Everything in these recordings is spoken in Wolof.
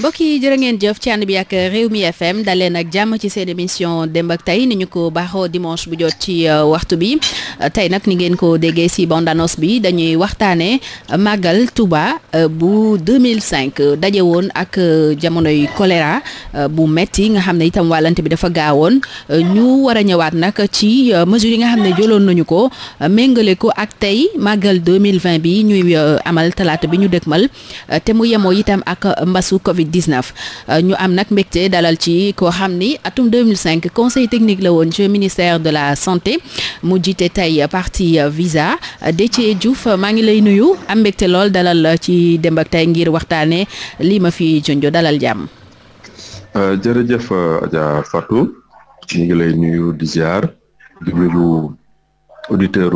mbokk yi jërë ngeen jëf ci ànd bi ak réew Rewmi FM daleen ak jàmm ci seen émission démb ak tey ni ñu ko baaxoo dimanche bu jot ci euh, waxtu bi tey nag ni ngeen ko déggee si bande annonce bi dañuy waxtaanee màggal Touba euh, bu 2005 daje woon ak euh, jamonoy choléra bu metti nga xam ne itam wàllante bi dafa gaawoon ñu war a ñëwaat nag ci mesures yi nga xam ne jëloon nañu ko méngale ko ak tey màggal 2020 bi ñuy amal talaata bi ñu dëkkmal te mu yemoo itam ak mbasu Covid. 2019 euh, ñu am nag mbégte dalal ci koo xam ni atum 2005 conseil technique la woon ci ministère de la santé mu jiite tey parti visa euh, Déthié Diouf euh, maa ngi lay nuyu am mbégte lool dalal ci Demb ak Tay ngir waxtaanee lii ma fi jonjo dalal jàmm. jërëjëf Adja Fatou ñu ngi lay nuyu di ziar di nuyu auditeur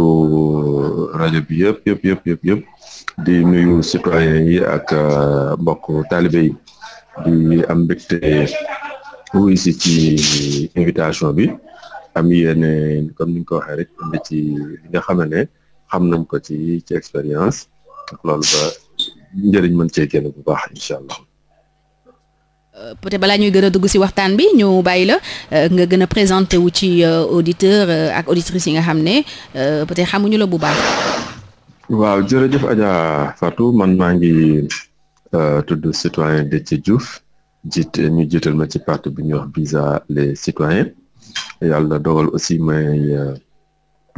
rajo bi yëpp yëpp yëpp yëpp yëpp di nuyu citoyen yi ak mbokk taalibe yi di am mbégte wuy si ci invitation bi am yéene comme ni nga ko waxee rek indi ci nga xam ne xam nañ ko ci ci expérience loolu ba njëriñ mën cee génn bu baax incha allah. Euh, peut-être balaa ñuy gën a dugg ci waxtaan bi ñu bàyyi la euh, nga gën a présenté wu ci euh, auditeur ak auditrice yi nga xam ne peut-être xamuñu la bu baax. waaw jërëjëf Adja Fatou man maa ngi. Euh, tudd citoyen ci Diouf jiite ñu jiital ma ci parti bu ñuy wax visa les citoyens yàlla doogal aussi may euh,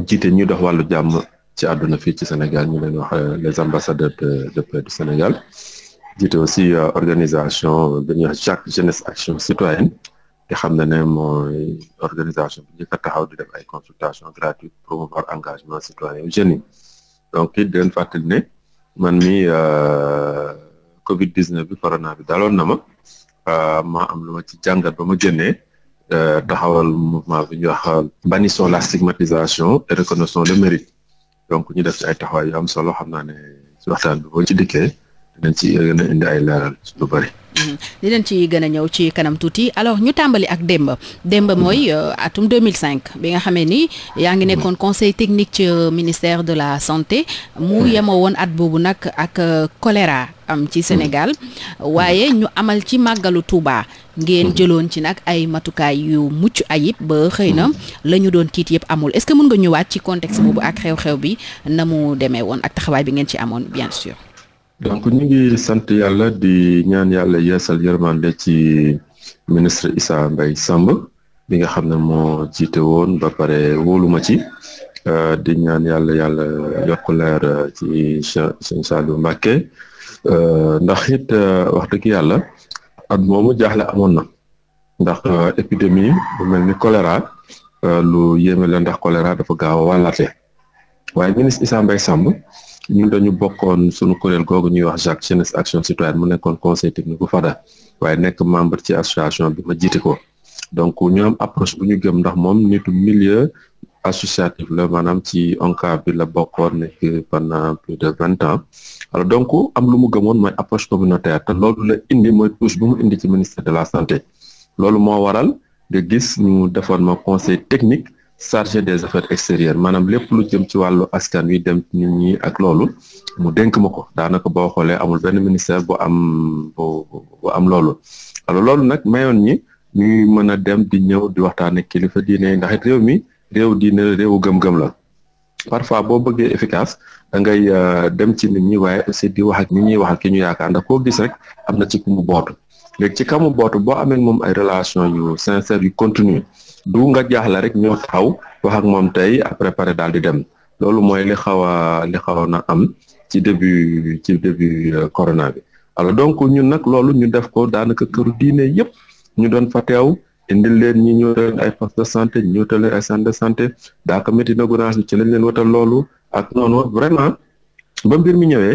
jiite ñu dox wàllu jàmm ci àdduna fii ci Sénégal ñu leen wax euh, les ambassadeurs de de paix du Sénégal jiite aussi organisation bi ñuy chaque jeunesse action citoyenne te xam na ne mooy organisation bi njëkk taxaw di def ay consultation gratuite promouvoir engagement citoyen jeunes yi donc it di leen fàttali ne man mi Covid 19 bi corona bi daaloon na ma euh, ma am lu ma ci jàngat ba ma génnee euh, taxawal mouvement bi ñu wax euh, bannissons la stigmatisation et reconnaissons le mérite donc ñu def ci ay taxawaay yu am solo xam naa ne ci waxtaan bi boo ci dikkee. dinañ ci gën di leen ci gën a ñëw ci kanam tuuti alors ñu tàmbali ak Demba Demba mhm. mooy euh, atum 2005 bi nga xamee ni yaa ngi mhm. nekkoon conseil technique ci euh, ministère de la santé mu yemoo woon at boobu nag ak euh, choléra am ci mhm. Sénégal waaye ñu amal ci màggalu Touba ngeen jëloon ci nag ay matukaay yu mucc ayib ba xëy na la ñu doon tiit yëpp amul est-ce que nga ñëwaat ci contexte boobu ak xew-xew bi na mu demee woon ak taxawaay bi ngeen ci amoon bien sûr. donc ñu ngi sant yàlla di ñaan yàlla yeesal yërmande ci ministre Issa Mbaye Samb bi nga xam ne moo jiite woon ba pare wóoluma ci euh, di ñaan yàlla yàlla yokk leer euh, ci sëñ Saliou Mbacké euh, ndax it wax dëgg yàlla at moomu jaaxle amoon na ndax épidémie bu mel ni choléra lu yéeme la ndax choléra dafa gaaw a wàllaate waaye ministre Issa Mbaye ñun dañu bokkoon suñu kuréel googu ñuy wax JAC jeunesse action citoyenne mu nekkoon conseil technique bu FADA waaye nekk membre ci association bi ma jiite ko donc ñu am approche bu ñu gëm ndax moom nitu milieu associatif la maanaam ci ONCAV bi la bokkoon nekk pendant plus de vingt ans alors donc am lu mu gëmoon mooy approche communautaire te loolu la indi mooy touche bu mu indi ci ministère de la santé loolu moo waral nga gis ñu defoon ma conseil technique chargé des affaires extérieures maanaam lépp lu jëm ci wàllu askan wi dem nit ñi ak loolu mu dénk ma ko daanaka boo xoolee amul benn ministère bu am bu am loolu alors loolu nag mayoon ñi ñuy mën a dem di ñëw di waxtaan ak kilifa diine ndax it réew mi réew diine la gëm-gëm la parfois boo bëggee efficace da ngay euh, dem ci nit ñi waaye aussi di wax ak ñi ñuy wax ak ki ñu yaakaar ndax koo gis rek am na ci ku mu bootu léegi ci kamu bootu boo ameen moom ay relation yu sincère yu continue du nga jaaxle rek ñëw xaw wax ak moom tey a pare daal di dem loolu mooy li xaw a li xaw na am ci début ci début euh, corona alo donc ñun nag loolu ñu def ko daanaka këru diine yëpp ñu doon fa teew indil leen ñu ñëw leen ay poste de santé ñu ñëw leen ay centre de santé daaka métti na gonaas bi ci lañ leen watal loolu ak noonu vraiment ba mbir mi ñëwee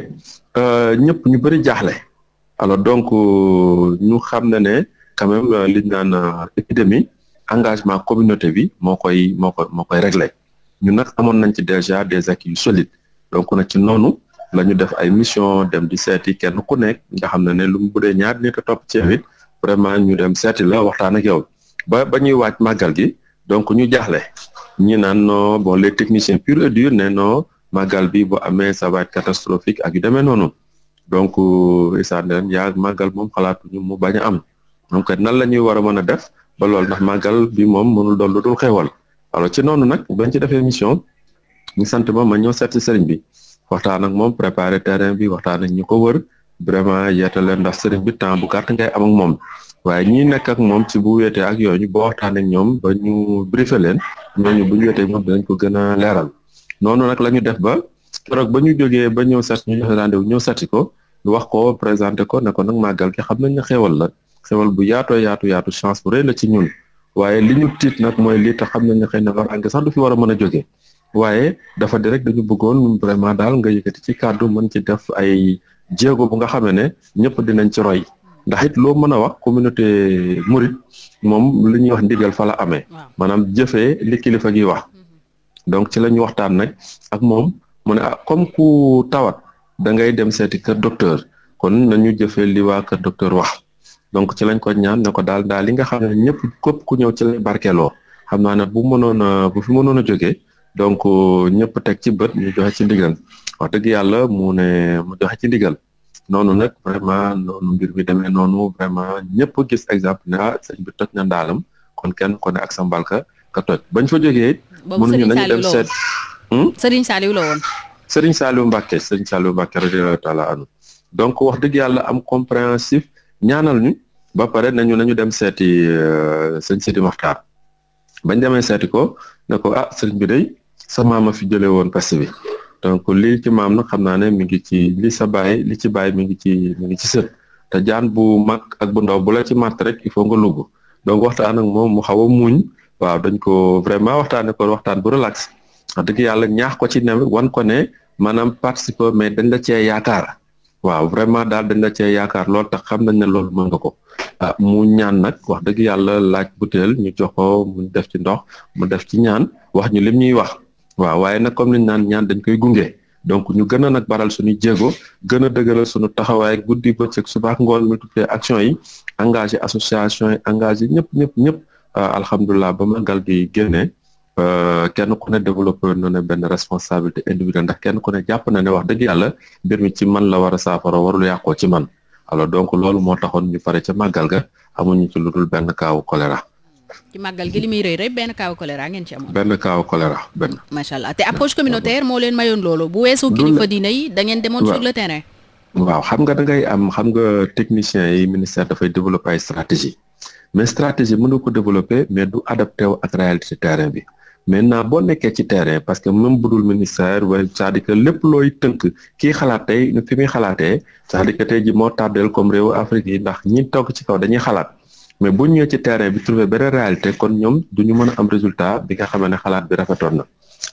euh, ñëpp ñu bëri jaaxle alors donc euh, ñu xam ne ne quand même liñ naan épidémie engagement communauté bi moo koy moo koy moo koy réglé ñun nag amoon nañ ci déjà des acquis yu solides donc nag ci noonu la ñu def ay mission dem di seeti kenn ku nekk nga xam ne ne lu mu bu dee ñaar nit top topp ceebit vraiment ñu dem seeti la waxtaan ak yow ba ba ñuy waaj màggal gi donc ñu jaaxle ñi naan non bon les techniciens purs et durs ne màggal bi bu amee ça catastrophique ak yu demee noonu donc euh, isaan leen yaa màggal moom xalaatuñu mu bañ a am donc nan la ñuy war a mën a def ba loolu ndax màggal bi moom mënul doon lu dul xewal alors ci noonu nag bañ ci defee émission ñu sant ma ma ñëw seet si bi waxtaan ak moom préparé terrain bi waxtaan ak ñu ko wër vraiment yeete leen ndax sëriñ bi temps bu gàtt ngay am moom waaye ñi nekk moom ci bu wéetee ak yooyu boo waxtaan ak ñoom ba ñu briefé leen ñooñu bu ñu wéetee moom dinañ ko gën a leeral noonu nag la ñu def ba keroog ba ñu jógee ba ñëw seet ñu joxe ñëw seeti ko wax ko présenté ko ne ko nag màggal gi xam nañ ne xéewal la xewal bu yaatoo yaatu yaatu chance bu rëy la ci ñun waaye li ñu tiit nag mooy lii tax xam nañ ne xëy na loraange sax du fi war a mën a jógee waaye dafa di rek dañu bëggoon vraiment daal nga yëkkati ci kàddu mën ci def ay jéego bu nga xamee ne ñëpp dinañ ci roy ndax it loo mën a wax communauté Mouride moom li ñuy wax ndigal fa la amee maanaam jëfee li kilifa gi wax donc ci la ñu waxtaan nag ak moom mu ne ah comme ku tawat da ngay dem seeti kër docteur kon nañu jëfee li waa kër docteur wax donc ci lañ ko ñaan ne ko daal daal li nga xam ne ñëpp képp ku ñëw ci lay barkeeloo xam naa ne bu mënoon a bu fi mënoon a joge donc euh, ñëpp teg ci bët ñu joxe ci ndigal wax dëgg yàlla mu ne mu joxe ci ndigal noonu nag vraiment noonu mbir mi demee noonu vraiment ñëpp gis exemple ah sëñ bi toj na ndaalam kon kenn ko ne ak sa mbalka ka toj bañ fa jógee. mënuñu nañu dem seet hmm? Sëriñ Saliou la woon. Sëriñ Saliou Mbacke Mbacke radiyallahu taala anhu donc wax dëgg yàlla am compréhensif. ñaanal ñu ba pare nañu nañu dem seeti euh, sëñ Sidi Maxtaar bañ demee seeti ko ne ko ah sëriñ bi day sa maama fi jëlee woon peste bi donc lii ci maam nag xam naa ne mi ngi ci li sa baay li ci baay mi ngi ci mi ngi ci sët te jaan bu mag ak bu ndaw bu la ci màtt rek il faut nga lugg donc waxtaan ak moom mu xaw a muñ waaw dañ ko vraiment waxtaanee ko waxtaan bu relax wax dëgg yàlla ñaax ko ci ne wan ko ne maanaam participer mais dañ la cee yaakaar. waaw vraiment daal dañ la cee yaakaar lool tax xam nañ ne loolu mën nga ko ah mu ñaan nag wax dëgg yàlla laaj butéel ñu jox ko mu def ci ndox mu def ci ñaan wax ñu lim ñuy wax waaw waaye nag comme liñ naan ñaan dañ koy gunge donc ñu gën a nag baral suñu jéego gën a dëgëral suñu taxawaay guddi bëccëg suba ak ngoon multiplier action yi engagé association yi engagé ñëpp ñëpp ñëpp ah, alhamdulilah ba magal gi génnee Euh, kenn ku ne développé na ne benn responsabilité individuelle ndax kenn ku ne jàpp na ne wax dëgg yàlla mbir mi ci man la war a saafara warul yàqoo ci man alors donc loolu moo taxoon ñu fare ca màggal ga amuñu ci lu dul benn kaawu choléra. ci màggal gi li muy rëy rëy benn kaawu ngeen ci amoon. benn kaawu choléra benn. macha allah te approche communautaire moo leen mayoon loolu. bu weesoo kilifa diine yi da ngeen demoon. sur le terrain. waaw xam nga da ngay am xam nga techniciens yi ministère dafay développer ay stratégie mais stratégie mënu ko développer mais du adapté wu ak réalité terrain bi. maintenant boo nekkee ci terrain parce que même budul ministère wala cest à lépp looy tënk kii xalaat tey fi muy xalaatee cest à tey ji moo tardeel comme réewu Afrique yi ndax ñi toog ci kaw dañuy xalaat mais bu ñëwee ci terrain bi trouvé benn réalité kon ñoom duñu ñu mën a am résultat bi nga xam ne xalaat bi rafetoon na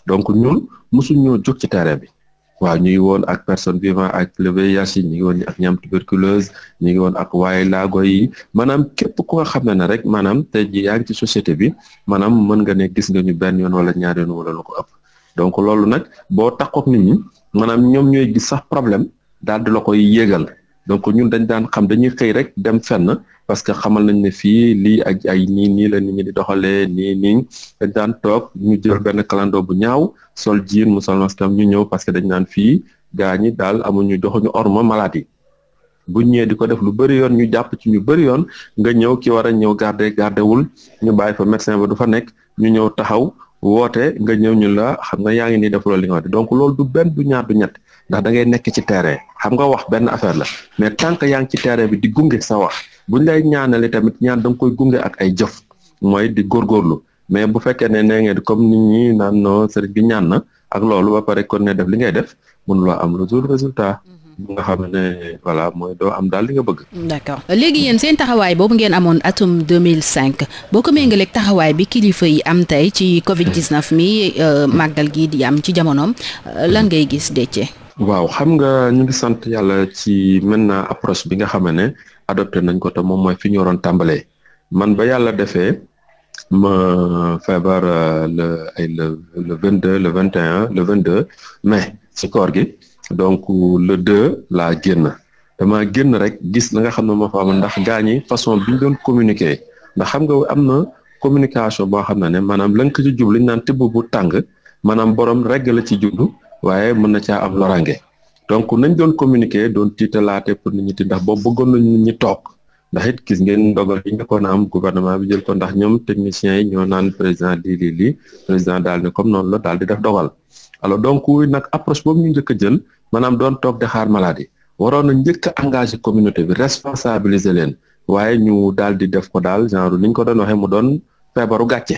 donc ñun mosuñ ñoo jóg ci terrain bi. waaw ñu ngi woon ak personne vivant ak le VIH yi ñu ngi ak ñi am tuberculose ñu ngi woon ak waaye laago yi maanaam képp ku xam na ne rek maanaam tey jii yaa ci société bi maanaam mën nga ne gis nga ñu benn yoon wala ñaar yoon wala lu ko ëpp donc loolu nag boo takkook nit ñi maanaam ñoom ñooy gis sax problème daal di la koy yéegal donc ñun dañ daan xam dañuy xëy rek dem fenn parce que xamal nañ ne fii lii ak ay nii nii la nit ñi di doxalee nii nii daan toog ñu jël benn kalandoo bu ñaaw sol jiin mu sol maskam ñu ñëw parce que dañ naan fii gaa ñi daal amuñu joxuñu orma malade yi bu ñëwee di ko def lu bëri yoon ñu jàpp ci ñu bëri yoon nga ñëw ki war a ñëw garder garder wul ñu bàyyi fa médecin ba du fa nekk ñu ñëw taxaw woote nga ñëw ñu la xam nga yaa ngi nii def loolu li nga wax donc loolu du benn du ñaar ñett ndax da ngay nekk ci terrain xam nga wax benn affaire la mais tant que yaa ngi ci terrain bi di gunge sa wax buñ lay ñaanale tamit ñaan da koy gunge ak ay jëf mooy di góorgóorlu mais bu fekkee ne nee ngeen comme nit ñi naan no sëriñ bi ñaan na ak loolu ba pare kon ne def li ngay def mun loo am lu dul résultat. Mhm. nga xam ne voilà mooy doo am daal li nga bëgg. d'accord léegi yéen seen taxawaay boobu ngeen amoon atum 2005 boo ko méngaleeg taxawaay bi kilifa yi am tey ci Covid 19 mi euh, màggal gi di am ci jamonoom euh, lan ngay gis Déthié. waaw xam nga ñu ngi sant yàlla ci maintenant approche bi nga xam ne adopté nañ ko te moom mooy fi ñu waroon tàmbalee man ba yàlla defee ma feebar euh, le ay le le vingt deux le vingt et le vingt deux mais si koor gi donc le deux laa génn dama génn rek gis na nga xam ne moo fa am ndax gaañi façon bi ñu doon communiquer ndax xam nga am na communication boo xam ne ne maanaam lan ko ci jublu ñu naan tibb bu tàng maanaam borom reg la ci jublu. waaye mën na caa am loraange donc nañ doon communiqué doon tiitalaate pour nit ñi ti ndax boobu bëggoon nañ nit ñi toog ndax it gis ngeen ndogal yi njëkkoon a am gouvernement bi jël ko ndax ñoom techniciens yi ñoo naan président di lii lii président daal comme noonu la daal di def dogal alo donc nag approche boobu ñu njëkk a jël maanaam doon toog di xaar maladie waroon na njëkk engagé communauté bi responsabiliser leen waaye ñu daal di def ko daal genre ni ñu ko doon waxee mu doon feebaru gàcce.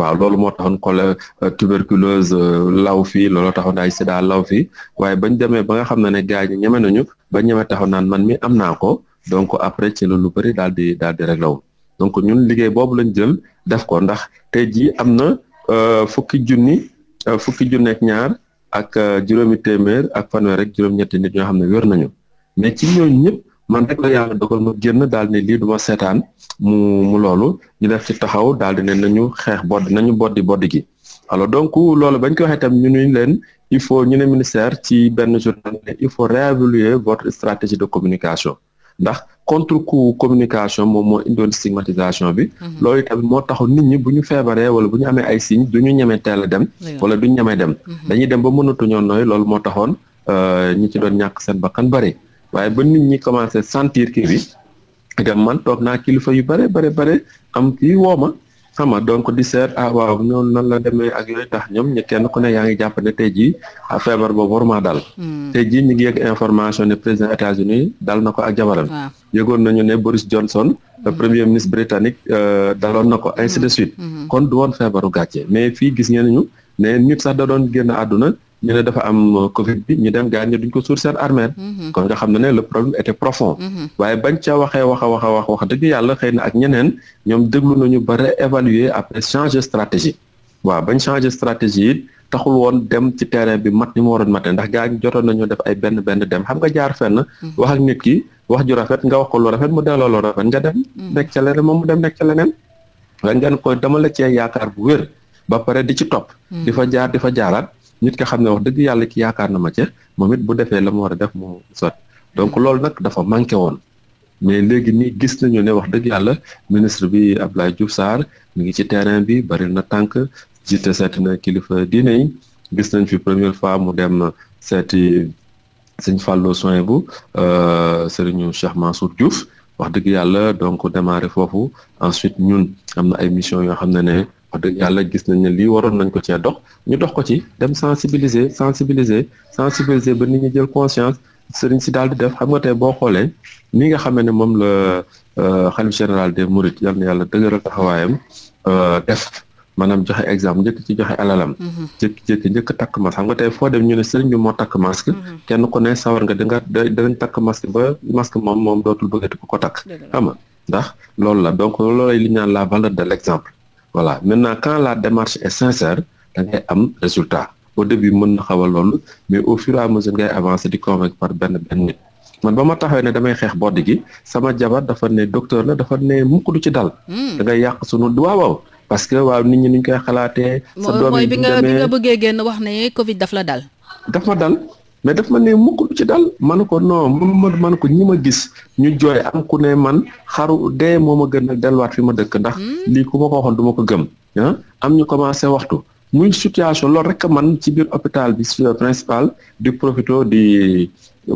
waaw loolu moo taxoon cholère euh, tuberculose euh, law fii looloo taxoon ay sida law fii waaye bañ demee ba nga xam ne ne gars yi ñeme nañu ba ñeme taxaw naan man mi am naa ko donc après ci lu bëri daal di daal di réglé law donc ñun liggéey boobu lañ jël def ko ndax tey jii am na euh, fukki junni fukki junni ñaar ak juróomi téeméer ak fanweer rek juróom-ñetti nit ñoo xam ne wér nañu mais ci ñooñu ñëpp. man rek la yàlla dogal moo génn daal ne lii du ma seetaan mu mu loolu ñu def ci taxaw daal di ne nañu xeex bodd nañu boddi boddi gi alors donc loolu bañ koy waxee tam ñu nuñ leen il faut ñu ne ministère ci benn journal ne il faut réévaluer votre stratégie de communication ndax contre coup communication moom moo indoon stigmatisation bi mhm. loolu itamit moo taxu nit ñi bu ñu feebaree wala bu ñu amee ay signes du ñu ñemee teel a dem wala du ñu dem mhm. dañuy dem ba mënatuñoo nooy loolu moo taxoon euh, ñi ci doon ñàkk seen bakkan bari waaye ba nit ñi commencé sentir kii bi a man toog na kilifa yu bare bare bare am kii wooma xam nga donc di seet ah waaw noonu nan la demee ak yooyu tax ñoom ñu kenn ku ne yaa ngi jàpp ne tey jii ah, feebar boobu waruma dal. Hmm. tey jii ñu ngi yegg information ne président États-Unis dal na ko ak jabaram. yëgoon nañu ne Boris Johnson. Hmm. le premier ministre britannique euh, daloon na ko ainsi de hmm. suite. kon du woon feebaru gàcce mais fii gis ngeen ñu ne nit sax da doon génn àdduna. ñu ne am Covid bi ñu dem gaañ ne duñ ko suur seen armeel mhm. kon nga xam ne ne le problème était profond. Mhm. waaye bañ ca waxee wax a wax a wax wax dëgg yàlla xëy na ak ñeneen ñoom lu déglu ñu ba réévaluer après changer stratégie. waaw bañ changer stratégie it taxul woon dem ci terrain bi mat ni mu mat matee ndax gaañ jotoon nañu def ay benn benn dem xam nga jaar fenn. Mhm. wax ak nit ki wax ju rafet nga wax ko lu rafet mu delloo lu rafet nga dem. nekk ca leneen moom mu dem nekk ca leneen. nga ngeen koy dama la cee yaakaar bu wér ba pare di ci topp. nit ki xam ne wax dëgg yàlla ki yaakaar na ma ca moom it bu defee la mu war a def mu sot donc mm-hmm. loolu nag dafa manqué woon mais léegi nii gis nañu ne wax dëgg yàlla ministre bi Abdoulaye Diouf saar mu ngi ci terrain bi bari na tànk jiite seeti na kilifa diine yi gis nañ fi première fois mu dem seeti sëñ Fallou soin bu euh, sëriñu Cheikh Mansour Diouf wax dëgg yàlla donc démarré foofu ensuite ñun am na ay mission yoo xam ne ne wax dëgg yàlla gis nañ ne lii waroon nañ ko cee dox ñu dox ko ci dem sensibiliser sensibiliser sensibiliser ba nit ñi jël conscience sëriñ si daal di def xam nga tey boo xoolee ni nga xamee ne moom la euh, xalif général de mourides yal na yàlla dëgëral taxawaayam euh, def maanaam joxe exemple njëkk ci joxe alalam. Mm-hmm. jékki-jékki njëkk takk masque xam nga tey foo dem ñu ne sëriñ bi moo takk masque. Mm-hmm. kenn ku ne sawar nga danga danañ takk masque ba masque moom moom dootul bëggati ko ko takk. xam ndax loolu la donc loolay li ñu naan la valeur de l'exemple. voilà maintenant quand la démarché est sincère da am résultat au début mën na xaw a loolu mais au fur et à mesure ngay avancer di convaincre par benn benn nit man ba ma taxawee ne damay xeex bodd gi sama jabar dafa ne docteur la dafa ne mukk du ci dal. Hmm. da ngay yàq sunu waaw waaw parce que waaw nit ñi nuñ koy xalaatee. sa doom yi bi nga bëggee génn wax ne Covid daf la dal. daf ma dal mais def ma ne mukk lu ci dal man ko non man man ko ñi ma gis ñu jooy am ku ne man xaru dee moom ma gën a delluwaat fi ma dëkk ndax hmm. lii ku ma ko waxoon ma ko gëm ah am ñu commencé waxtu muy situation loolu rek man ci biir hôpital bi principal di profito di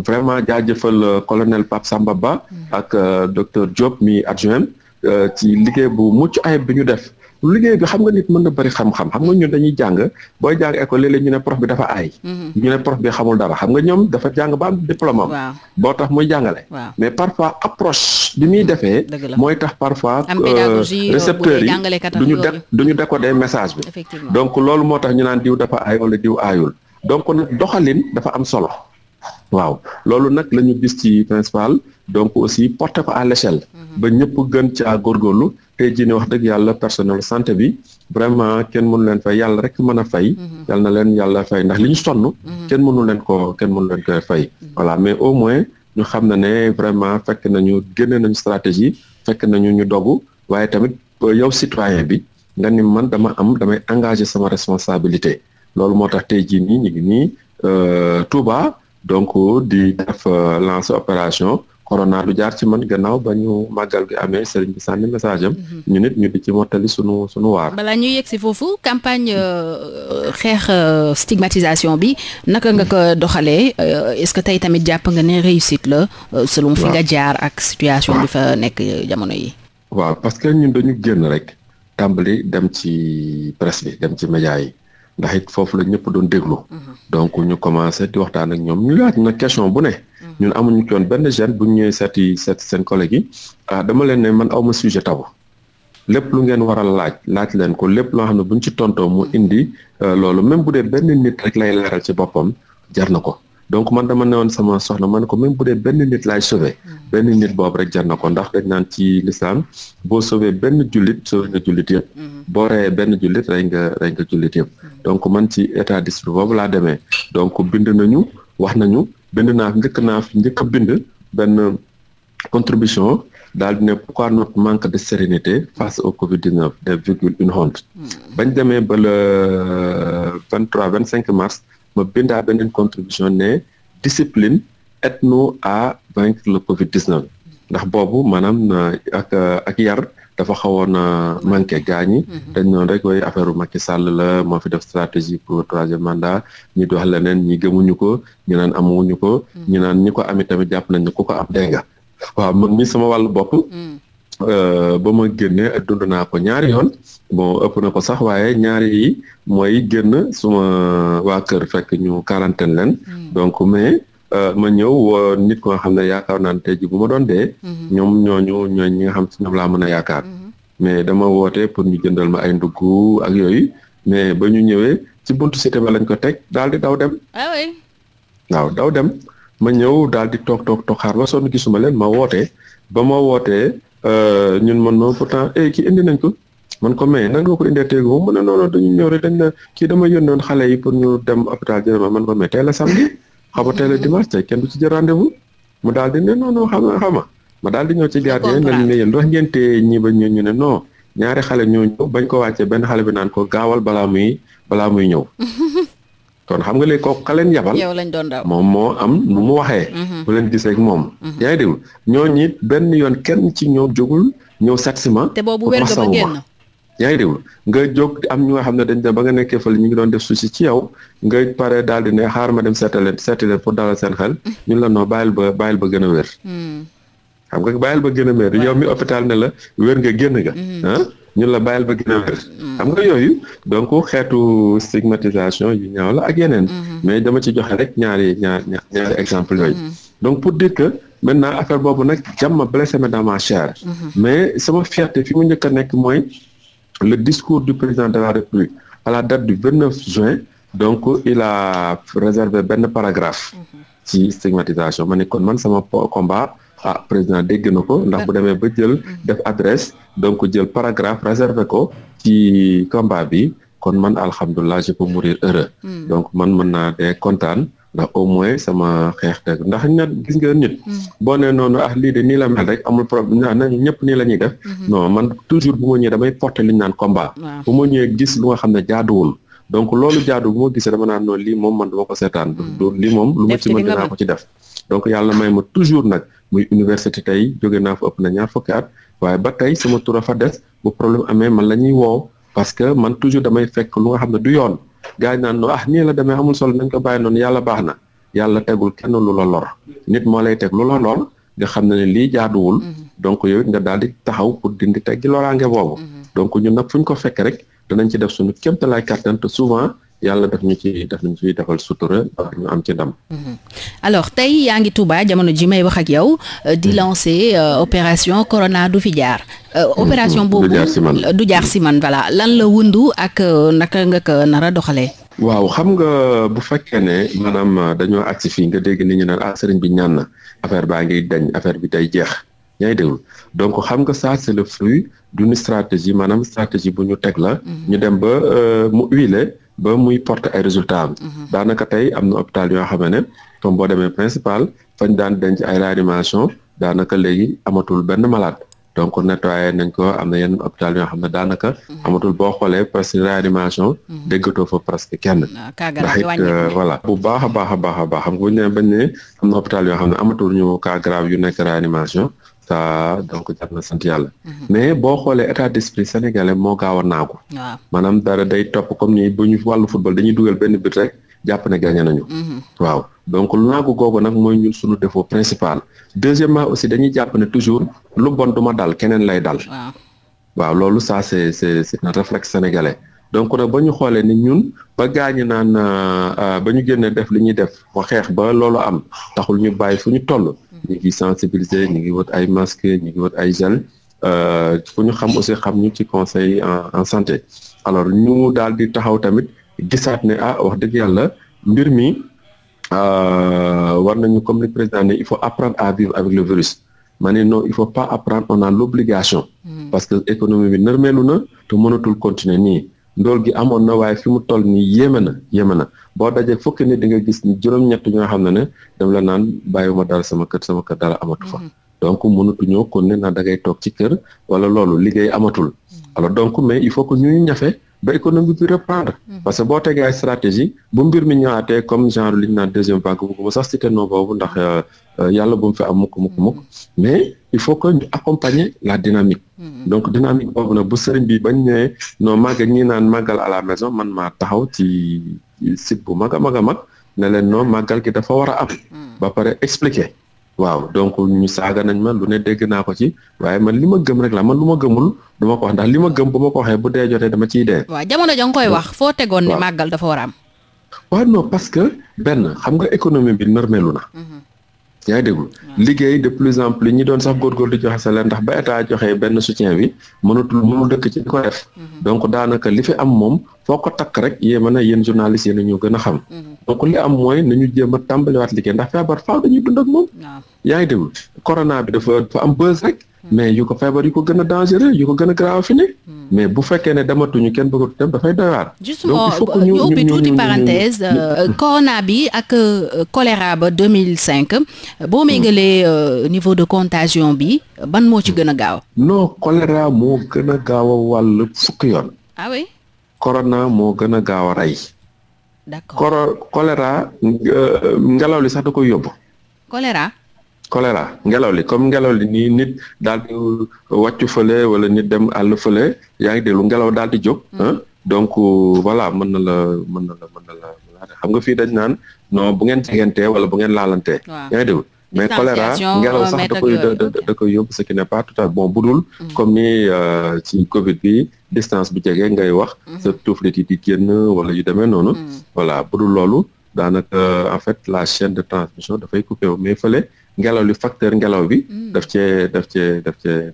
vraiment jaajëfal euh, colonel Pape Samba Ba hmm. ak euh, docteur Diop mi adjoint euh, ci liggéey bu mucc ayib bi ñu def liggéey bi xam nga nit mën na bari xam-xam xam nga ñun dañuy jàng booy jàng école léeg-léeg ñu ne prof bi dafa aay mm-hmm. ñu ne prof bi xamul dara xam nga ñoom dafa jàng ba am diplôme boo tax muy jàngale mais parfois approche bi muy defee mooy tax parfois euh, euh, récepteurs yi duñu de duñu décoder mm-hmm. message bi donc loolu moo tax ñu naan diw dafa aay wala diw aayul donc nag doxalin dafa am solo waaw loolu nag la ñu gis ci principal donc aussi porte ko à l'échelle mm-hmm. ba ñëpp gën caa góorgóorlu tey jii wax dëgg yàlla personnel santé bi vraiment kenn mënu leen fay yàlla rek mën a fay mhm. yàlla na leen yàlla fay ndax li ñu sonn mhm. kenn mënu leen ko kenn mënu leen ko fay mhm. voilà mais au moins ñu xam na ne vraiment fekk nañu génne nañu stratégie fekk nañu ñu dogu waaye tamit euh, yow citoyen bi nga ni man dama am damay engagé sama responsabilité loolu moo tax tey jii nii ñu ngi nii euh, Touba donc di def euh, lancer opération naa lu jaar ci man gannaaw ba ñu màggal gi amee sëriñ bi sànni message mhm. ñu nit ñu di ci mottali sunu sunu waar. balaa ñu yegg si foofu campagne euh, xeex euh, stigmatisation bi naka nga ko doxalee euh, est-ce que tey tamit jàpp nga ne réussite la. selon fi nga jaar ak situation bi fa nekk jamono yi. waaw parce que ñun dañu génn rek. tàmbali dem ci presse dem ci média yi. ndax it foofu la ñëpp doon déglu. donc ñu commencé di waxtaan ak ñoom ñu laaj na question bu ne. ñun amuñu coon benn gêne bu ñu ñëwee seeti seet seen collègue yi ah, dama leen ne man aw ma sujet tabu lépp lu ngeen waral laaj laaj leen ko lépp loo xam ne buñ ci tontoo mu indi euh, loolu même bu dee benn nit rek lay leeral ci boppam jar na ko. donc man dama newoon sama soxna man ko même bu dee benn nit laay sauvé hmm. benn nit boobu rek jar ko ndax rek naan ci lislaam boo sauvé benn jullit sauvé nga jullit yëpp hmm. boo reyee benn jullit rey nga rey nga jullit yëpp hmm. donc man ci état d'esprit boobu laa demee donc bind nañu wax nañu bind naa njëkk naa fi njëkk bind benn contribution daal di ne pourquoi notre manque de sérénité face au Covid 19 des virgule une honte bañ demee ba le vingt trois vingt cinq mars ma bindaa beneen contribution ne discipline aide nous à vaincre le Covid 19 ndax boobu maanaam euh, ak euh, ak yar dafa xawoon euh, a manqué gaañi. Mm-hmm. dañ noonu rek waaye affaire Macky Sall la moo fi def stratégie pour troisième mandat ñi di wax leneen ñi gëmuñu ko ñu naan amuñu ko. Mm-hmm. ñu naan ñi ko amee tamit jàpp nañ ne ku ko am dégg nga. waaw man mi sama wàllu bopp. Mm. Euh, ba ma génne dund naa ko ñaari yoon bon ëpp na ko sax waaye ñaari mooy génn suma waa kër fekk ñu quarantaine leen hmm. donc mais euh, ma ñëw nit ko nga xam ne yaakaar naa ne tey bu ma doon dee hmm. ñoom ñooñu ñooy ñi nga xam si laa mën a yaakaar hmm. mais dama woote pour ñu jëndal ma ay ndugg ak yooyu mais ba ñu ñëwee ci buntu cité ba lañ ko teg daal di daw dem ah waaw daw dem ma ñëw daal di toog toog toog xaar ba sonn gisuma leen ma woote ba ma Euh, ñun man non pourtant eh kii indi nañ ko man ko maye nan nga ko indee teegu moom mu ne noonu dañu ñëw rek dañ na kii dama yónnoon xale yi pour ñu dem hôpital jërëma man ko mais tey la samedi xam nga tey la dimanche tey kenn du ci jël rendez-vous mu daal di ne noonu xam nga xam nga ma daal di ñëw ci gardien nañ ne yéen ndax ngeen téye ñii ba ñu ñu ne non ñaari xale ñoo ñëw bañ ko wàccee benn xale bi naan ko gaawal balaa muy balaa muy ñëw kon xam nga léegi kooku ka leen yabal yow lañ doon moom moo am nu mu waxee mhm. bu leen gisee ak moom mhm. yaay ngi dégg ñoo ñit benn yoon kenn ci ñëw jógul ñëw satisement te boobu wér nga ba génn yaa ngi dégg nga jóg am ñu nga xam ne dañ dem ba nga nekkee fële ñu ngi doon def souci ci yow nga pare daal di ne xaar ma dem seetaleen seetaleen pour dalal seen xel mhm. ñun la noo bàyyil ba bàyyil ba gën a wér hmm. xam nga bàyyil ba gën a meer yow mi hôpital ne la wér nga génn nga mm-hmm. ah? ñun la bàyyil ba gën a mm-hmm. xam nga yooyu donc xeetu stigmatisation yu ñaaw la ak yeneen mm-hmm. mais dama ci joxe rek ñaari ñaar ñaari exemple yooyu donc pour dire que maintenant affaire boobu nag jàmm ma blessé ma dans ma chair mais sama fierté fi mu njëkk a nekk mooy le discours du président de la République à la date du 29 juin donc il a réservé benn paragraphe ci stigmatisation ma ne kon man sama combat ah président dégg na ko ndax bu demee ba jël mm-hmm. def adresse donc jël paragraphe réservé ko ci combat bi kon man alhamdulilah je peux mourir heureux mm. man mën naa dee kontaan ndax au moins sama xeex teg ndax ña gis nga nit mm. boo nee noonu ah lii de nii la mel rek amul problème na ñëpp nii la ñuy def mm-hmm. non man toujours bu ma ñëwee damay porter li ñu naan combat bu ma ñëwee gis lu nga xam ne jaaduwul donc loolu jaadu bu ma gisee dama naan noonu lii moom man dama ko seetaan mm. du moom lu ma ci mën dinaa ko ci def donc yàlla may ma toujours nag muy université tey jóge naa fa ëpp na ñaar fukki at waaye ba tey sama tur a fa des bu problème amee man la ñuy woow parce que man toujours damay fekk lu nga xam ne du yoon gars yi naan no ah nii la demee amul solo nañ ko bàyyi noonu yàlla baax na yàlla tegul kenn lu la lor nit moo lay teg lu la lor nga xam ne ne lii jaaduwul mhm. donc yow it nga daal di taxaw pour dindi teggi loraange boobu mhm. donc ñun nag fu ko fekk rek danañ ci def suñu kéemtalaay kàttan te souvent yàlla daf ñu ci daf ñu ciy defal sutura ba ñu am ci ndam. Mhm. alors tey yaa ngi Touba jamono ji may wax ak yow. Euh, di mhm. lancer euh, opération Corona du fi jaar. Euh, mhm. opération boobu du jaar si man du jaar si man voilà lan la wundu ak naka nga ko nar a doxalee. waaw xam nga bu fekkee ne maanaam dañoo agsi fi nga dégg ni ñu naan ah sëriñ bi ñaan na affaire baa ngi dañ affaire bi day jeex. yaa ngi déglu donc xam nga ça c'est le fruit d'une stratégie maanaam stratégie bu ñu teg la. ñu dem ba mu huilé. ba muy porté a résultats am. Mhm. daanaka tey am na hôpital yoo xam ne comme boo demee principal fañ daan denc ay réanimation daanaka léegi amatul benn malade. donc nettoyé nañ ko am na yenn hôpital yoo xam ne daanaka. Mhm. amatul boo xoole parce que réanimation. Mhm. déggatoo fa presque kenn. Ah, ndax it euh, voilà. bu baax a baax a baax a baax xam nga bu ñu bañ ne am na hôpital yoo xam ne amatul ñu cas grave yu nekk réanimation. ça donc jar na sant yàlla. Mhm. mais boo xoolee état d'esprit sénégalais moo gaaw a naagu. maanaam dara day topp comme ni bu ñu wàllu football dañuy dugal benn bit rek. jàpp ne gagné nañu. Mhm. waaw donc naagu googu nag mooy ñun suñu défaut principal. deuxièmement aussi dañuy jàpp ne toujours lu bon duma dal keneen lay dal. waaw loolu saa c' est c' est donc nag ba ñu xoolee ni ñun ba gaañu naan euh, euh, ba ñu génnee def li ñuy def ba xeex ba loolu am taxul ñu bàyyi fu ñu toll. Mhm. ñu ngi sensibiliser ñu ngi wut ay masque ñu ngi wut ay gel euh, fu ñu xam aussi xam ñu ci conseil en en santé alors ñu daal di taxaw tamit. gisaat ne ah wax dëgg yàlla mbir mi euh, war nañu comme le président ne il faut apprendre a vivre avec le virus ma ne non il faut pas apprendre on a l'obligation mm. parce que économie bi nërmeelu na te mënatul continuer nii ndool gi amoon na waaye fi mu toll nii yéeme na yéeme na boo dajee fukki nit di nga gis ni juróom-ñett ñoo xam ne ne dem la naan bàyyiwuma dara sama kër sama dara amatu fa mm. donc mënatuñoo kon ne na da ngay toog ci kër wala loolu liggéey amatul mm. alors donc ba économie bi reprendre. Mhm. parce que boo tegee ay stratégie bu mbir mi ñëwaatee comme genre li ñu naan deuxième vague bu ko sax cité non boobu ndax euh, euh, yàlla bu mu fi am mukk mukk mukk mhm. mais il faut que ñu accompagner la dynamique. Mhm. donc dynamique boobu nag bu sëriñ bi bañ ñëwee non màggal ñi naan màggal à la maison man maa taxaw ci site bu mag a mag a mag ne leen non màggal gi dafa war a am. ba pare expliquer. waaw donc ñu saaga nañ ma lu ne dégg naa ko ci waaye man li ma gëm rek la man lu ma gëmul du ma ko wax ndax li ma gëm bu ma ko waxee bu dee jotee dama ciy dee. waaw jamono ja nga koy wax foo tegoon ne màggal dafa war a am. waaw non parce que benn xam nga économie bi normelu na. Mm-hmm. yaa ngi déglu liggéey de plus en plus ñi doon sax góorgóorlu di joxe salaire ndax ba eta joxe benn soutien bi mënatul mënul dëkk ci ko def mm-hmm. donc daanaka li fi am moom foo ko takk rek yée mën a yéen journalistes yéen ñu gën a xam mm-hmm. donc li am mooy na ñu jéem a tàmbaliwaat liggéey ndax feebar faaw dañuy dund ak moom yaa ngi déglu corona bi dafa dafa am buzz rek mais yu ko feebar yu ko gën a dangereux yu ko gën a grave fi ne hmm. mais bu fekkee ne dematuñu kenn bëggatu dem dafay doy waar justement ñu ubbi tuuti parenthèse euh, corona bi ak euh, choléra ba 2005 boo méngalee hmm. euh, niveau de contagion bi ban moo ci gën a gaaw non choléra moo gën a gaaw a wàll fukki yoon ah oui corona moo gën a gaaw a rey d'accord choléra ngelaw li sax da koy yóbbu choléra choléra ngelaw li comme ngelaw li nii nit daal di wàccu fële wala nit dem àll fële yaa ngi déglu ngelaw daal di jóg. Mm. Ah. donc voilà mën na la mën na la mën xam nga fii dañ naan no bu ngeen jegantee wala bu ngeen laalantee. yaa mais choléra euh, ngelaw sax da koy euh, da koy yóbbu ce qui n'est pas tout à bon budul. Mm. comme ni euh, ci Covid bi distance bu jege ngay wax. Mm-hmm. sa tuuflit yi di wala yu demee noonu. Mm. voilà budul loolu daanaka en fait la chaîne de transmission dafay coupé wu mais fële. ngelaw li facteur ngelaw bi. Mm. daf cee daf cee daf ce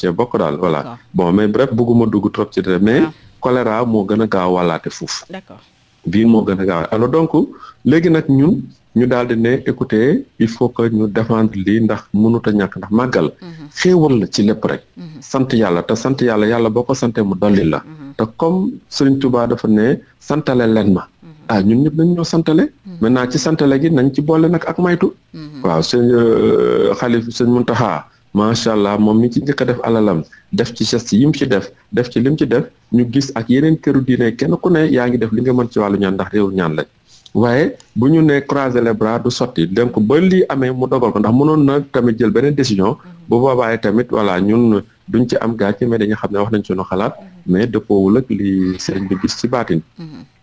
cee bokk daal voilà. bon mais bref bëgguma dugg trop ci dara mais. Ah. choléra moo gën a gaaw wàllaate fuuf. d'accord bii moo gën a gaaw alors donc léegi nag ñun ñu daal di ne écoutez il faut que ñu défendre lii ndax mënut a ñàkk ndax màggal. Mm-hmm. xéewal la ci lépp rek. Mm-hmm. sant yàlla te sant yàlla yàlla boo ko mu dolli la. kom mm-hmm. comme Serigne Touba dafa ne santale leen ma. ah ñun ñëpp nañ ñoo santale hmm. maintenant ci santale gi nañ ci boole nag ak maytu hmm. waaw sëñ xalif euh, sëñ Muntaxa macha allah moom mi ci njëkk a def alalam def ci geste yi mu ci def def ci lim ci def ñu gis ak yeneen këru diine kenn ku ne yaa ngi def li nga mën ci wàllu ñaan ndax réew ñaan lañ waaye bu ñu ne croiser les bras du sotti donc ba lii amee mu dogal ko ndax mënoon na tamit jël beneen décision hmm. bu boobaa tamit voilà ñun duñ ci am gàcce mais dañu xam ne wax nañ suñu xalaat mais dëppoowul ak li sëñ bi gis ci baatin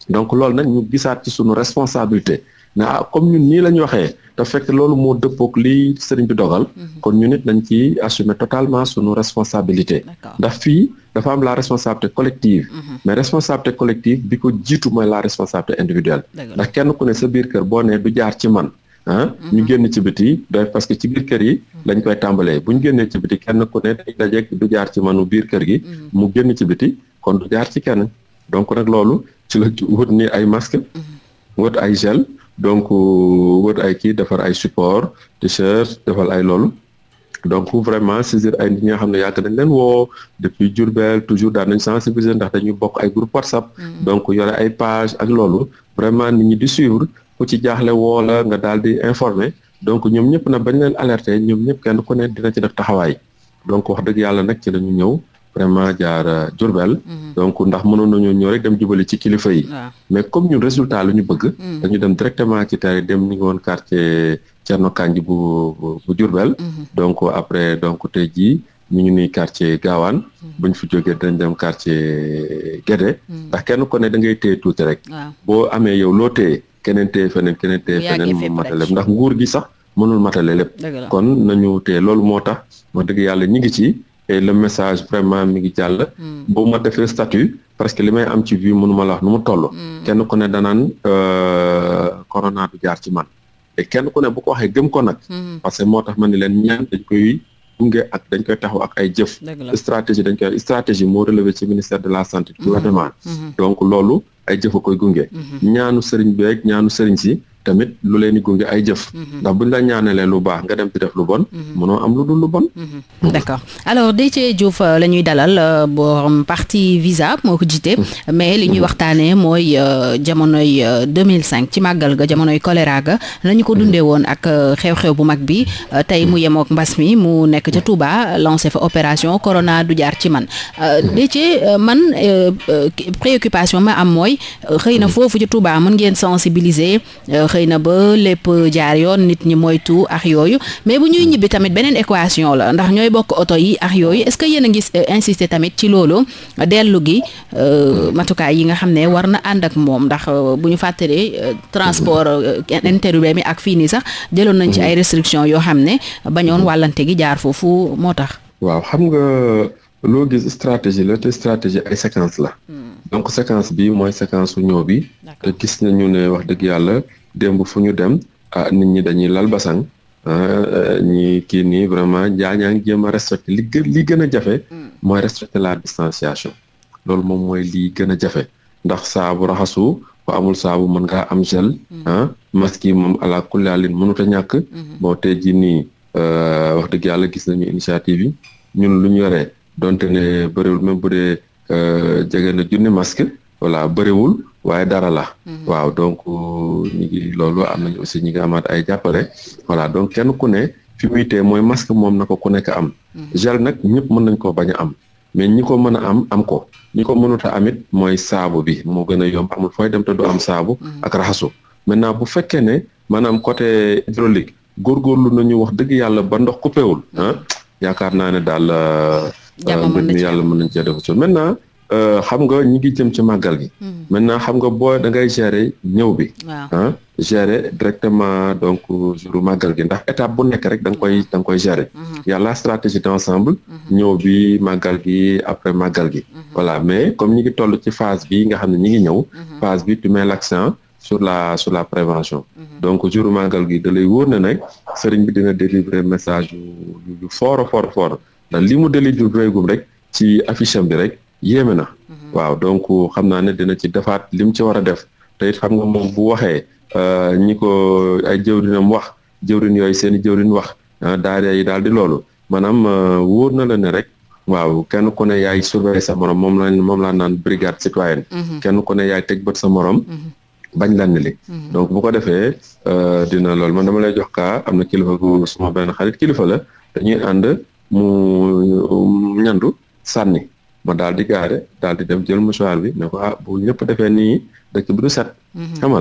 donc loolu nañ ñu gisaat ci suñu responsabilité ne ah, comme ñun nii la ñu waxee te fekk loolu moo dëppook li sëriñ bi dogal mhm. kon ñu it nañ ci assumer totalement suñu responsabilité ndax fii dafa am la responsabilité collective mhm. mais responsabilité collective bi ko jiitu mooy la responsabilité individuelle ndax kenn ku ne sa biir kër boo nee du jaar ci man ah ñu mhm. génn ci biti doy parce que ci biir kër yi lañ koy tàmbalee bu ñu génnee ci biti kenn ku ne dañ du jaar ci manu biir kër gi mu génn ci biti kon jaar ci kenn donc rek loolu ci la wut ni ay masque wut ay gel donc euh, wut ay kii defar ay support t-shirt defal ay loolu donc vraiment saisir ay nit ñi nga xam ne yàgg nañ leen woo depuis Diourbel toujours daan nañ sensibiliser ndax dañu bokk ay groupe WhatsApp mm. donc yore ay page ak loolu vraiment nit ñi di suivre ku ci jaaxle woo la nga daal di informer donc ñoom ñëpp nag bañ leen alerter ñoom ñëpp kenn ku ne dina ci def taxawaay donc wax dëgg yàlla nag ci la ñu ñëw vraiment jaar euh, Diourbel mhm. donc ndax mënoon nañoo ñëw rek dem jubali ci kilifa yi mais comme ñun résultat lu ñu bëgg mhm. dañu dem directement ci tari dem ni ngi woon quartier Thierno Kandji bu bu Diourbel mhm. donc après donc te jii ñu ni nii quartier Gawane bañ fi jógee dañ dem quartier Guédé ndax kenn ko ne da ngay téye tuuti rek boo amee yow loo téye keneen téye feneen keneen téye feneen mu ndax nguur gi sax mënul matale lépp kon nañu téye loolu moo tax ma dëgg yàlla ñi ngi ci et le message vraiment mi ngi jàll. Mm. bu ma defee statut parce que li may am ci vue mënuma la wax nu mu toll. Mm. kenn ku ne danaan euh, corona du jaar ci man. te ku ne bu ko waxee gëm ko nag. Mm-hmm. parce que moo tax ma ne leen ñaan dañ koy gunge ak dañ koy taxaw ak ay jëf. stratégie dañ koy stratégie moo relevé ci ministère de la santé du mm-hmm. gouvernement. Mm-hmm. donc loolu ay jëf a koy gunge. ñaanu sëriñ beeg ñaanu sëriñ si. tamit lu leen di gunge ay jëf. Mhm. ndax buñ la ñaanalee lu baax nga dem di def lu bon. Mhm. mënoo am lu dul lu bon. Mhm. d'accord alors Déthié Diouf euh, la ñuy dalal euh, borom parti Visa moo ko jiite. mais li ñuy waxtaanee mooy euh, jamonoy 2005 ci màggal ga jamonoy choléra ga nañu ko dundee woon ak xew-xew bu mag bi tey mu yemook mbas mi mu nekk ca Touba lancé fa opération corona du jaar ci man. Déthié man préoccupation ma am mooy xëy na foofu ca Touba mën ngeen sensibiliser. xëy na ba lépp jaar yoon nit ñi moytu ak yooyu mais bu ñuy ñibbi tamit beneen équation la ndax ñooy bokk oto yi ak yooyu est-ce que yéen a ngi euh, insister tamit ci loolu dellu gi euh, matukaay yi nga xam ne war na ànd ak moom ndax euh, bu ñu fàttalee transport interurbain mi ak fii nii sax jëloon nañ ci ay restrictions yoo xam ne bañoon wàllante gi jaar foofu moo tax. waaw xam nga loo gis stratégie la te stratégie ay séquence la. Hmm. donc séquence bi mooy séquence su ñëw bi. te gis wax dëgg yàlla. démb fu ñu dem ah nit ñi dañuy lal basang ah, eh, ñi kii nii vraiment jaañaa ngi jéem a respecté li gën gën a jafe mm. mooy respecté la distanciation loolu moom mooy lii gën a jafe ndax saabu raxasu ba amul saabu mën ngaa am gel mm. ah masque yi moom ala kullaalin mënut a ñàkk mm-hmm. bon tey jii nii euh, wax dëgg yàlla gis nañu initiative yi ñun lu ñu yoree donte ne bëriwul même bu dee euh, jege na junni masque voilà bëriwul waaye dara la. Mhm. waaw donc euh, ñu loolu am nañu aussi ñi ngi amaat ay jàppale. voilà donc kenn ku ne fi muy tee mooy masque moom na ko ku nekk am. Mhm. gel nag ñëpp mën nañ ko bañ am. mais ñi ko mën a am am ko ñi ko mënut a amit mooy saabu bi moo gën a yomb amul fooy dem te du am saabu. Mhm. ak raxasu maintenant bu fekkee ne maanaam côté hydraulique góorgóorlu nañu wax dëgg yàlla ba ndox coupéwul ah yaakaar naa ne daal. Euh, jàmm mën euh, na ci yàlla mën nañ cee def maintenant. Euh, xam nga ñi ngi jëm ci màggal gi. Hmm. maintenant xam nga boo da ngay gérer ñëw bi. ah gérer directement donc jour màggal gi ndax étape bu nekk rek danga koy hmm. da nga koy gérer. Hmm. y a la stratégie d'ensemble. ñëw bi màggal gi après màggal gi. voilà mais comme ñi ngi toll ci phase bi nga xam ne ñi ngi ñëw. phase bi tu mets l'accent sur la sur la prévention. donc jour màggal gi da lay wóor na nag sëriñ bi dina délivrer message yu yu fort fort fort li mu délivrer gum rek ci affiche bi rek. yéeme na. waaw donc xam naa ne dina ci defaat lim ci war a def te xam nga moom bu waxee euh, ñi ko ay jëwrinam wax jëwrin yooyu seeni i wax ah, daara yi daal di loolu maanaam euh, wóor na la ne rek. waaw kenn ku ne yaay surveiller sa moroom moom la moom laa naan brigade citoyenne mhm. kenn ku ne yaay teg bët sa morom mhm. bañ lan li mhm. donc bu ko defee euh, dina loolu man dama lay jox kaa am na kilifa gu suma benn xarit kilifa la dañuy ànd mu ñandu sànni ma daal di gaare daal di dem jël mouchoir bi ne ko a ah, bu ñëpp defee nii dëkk bi du set. Mhm. xam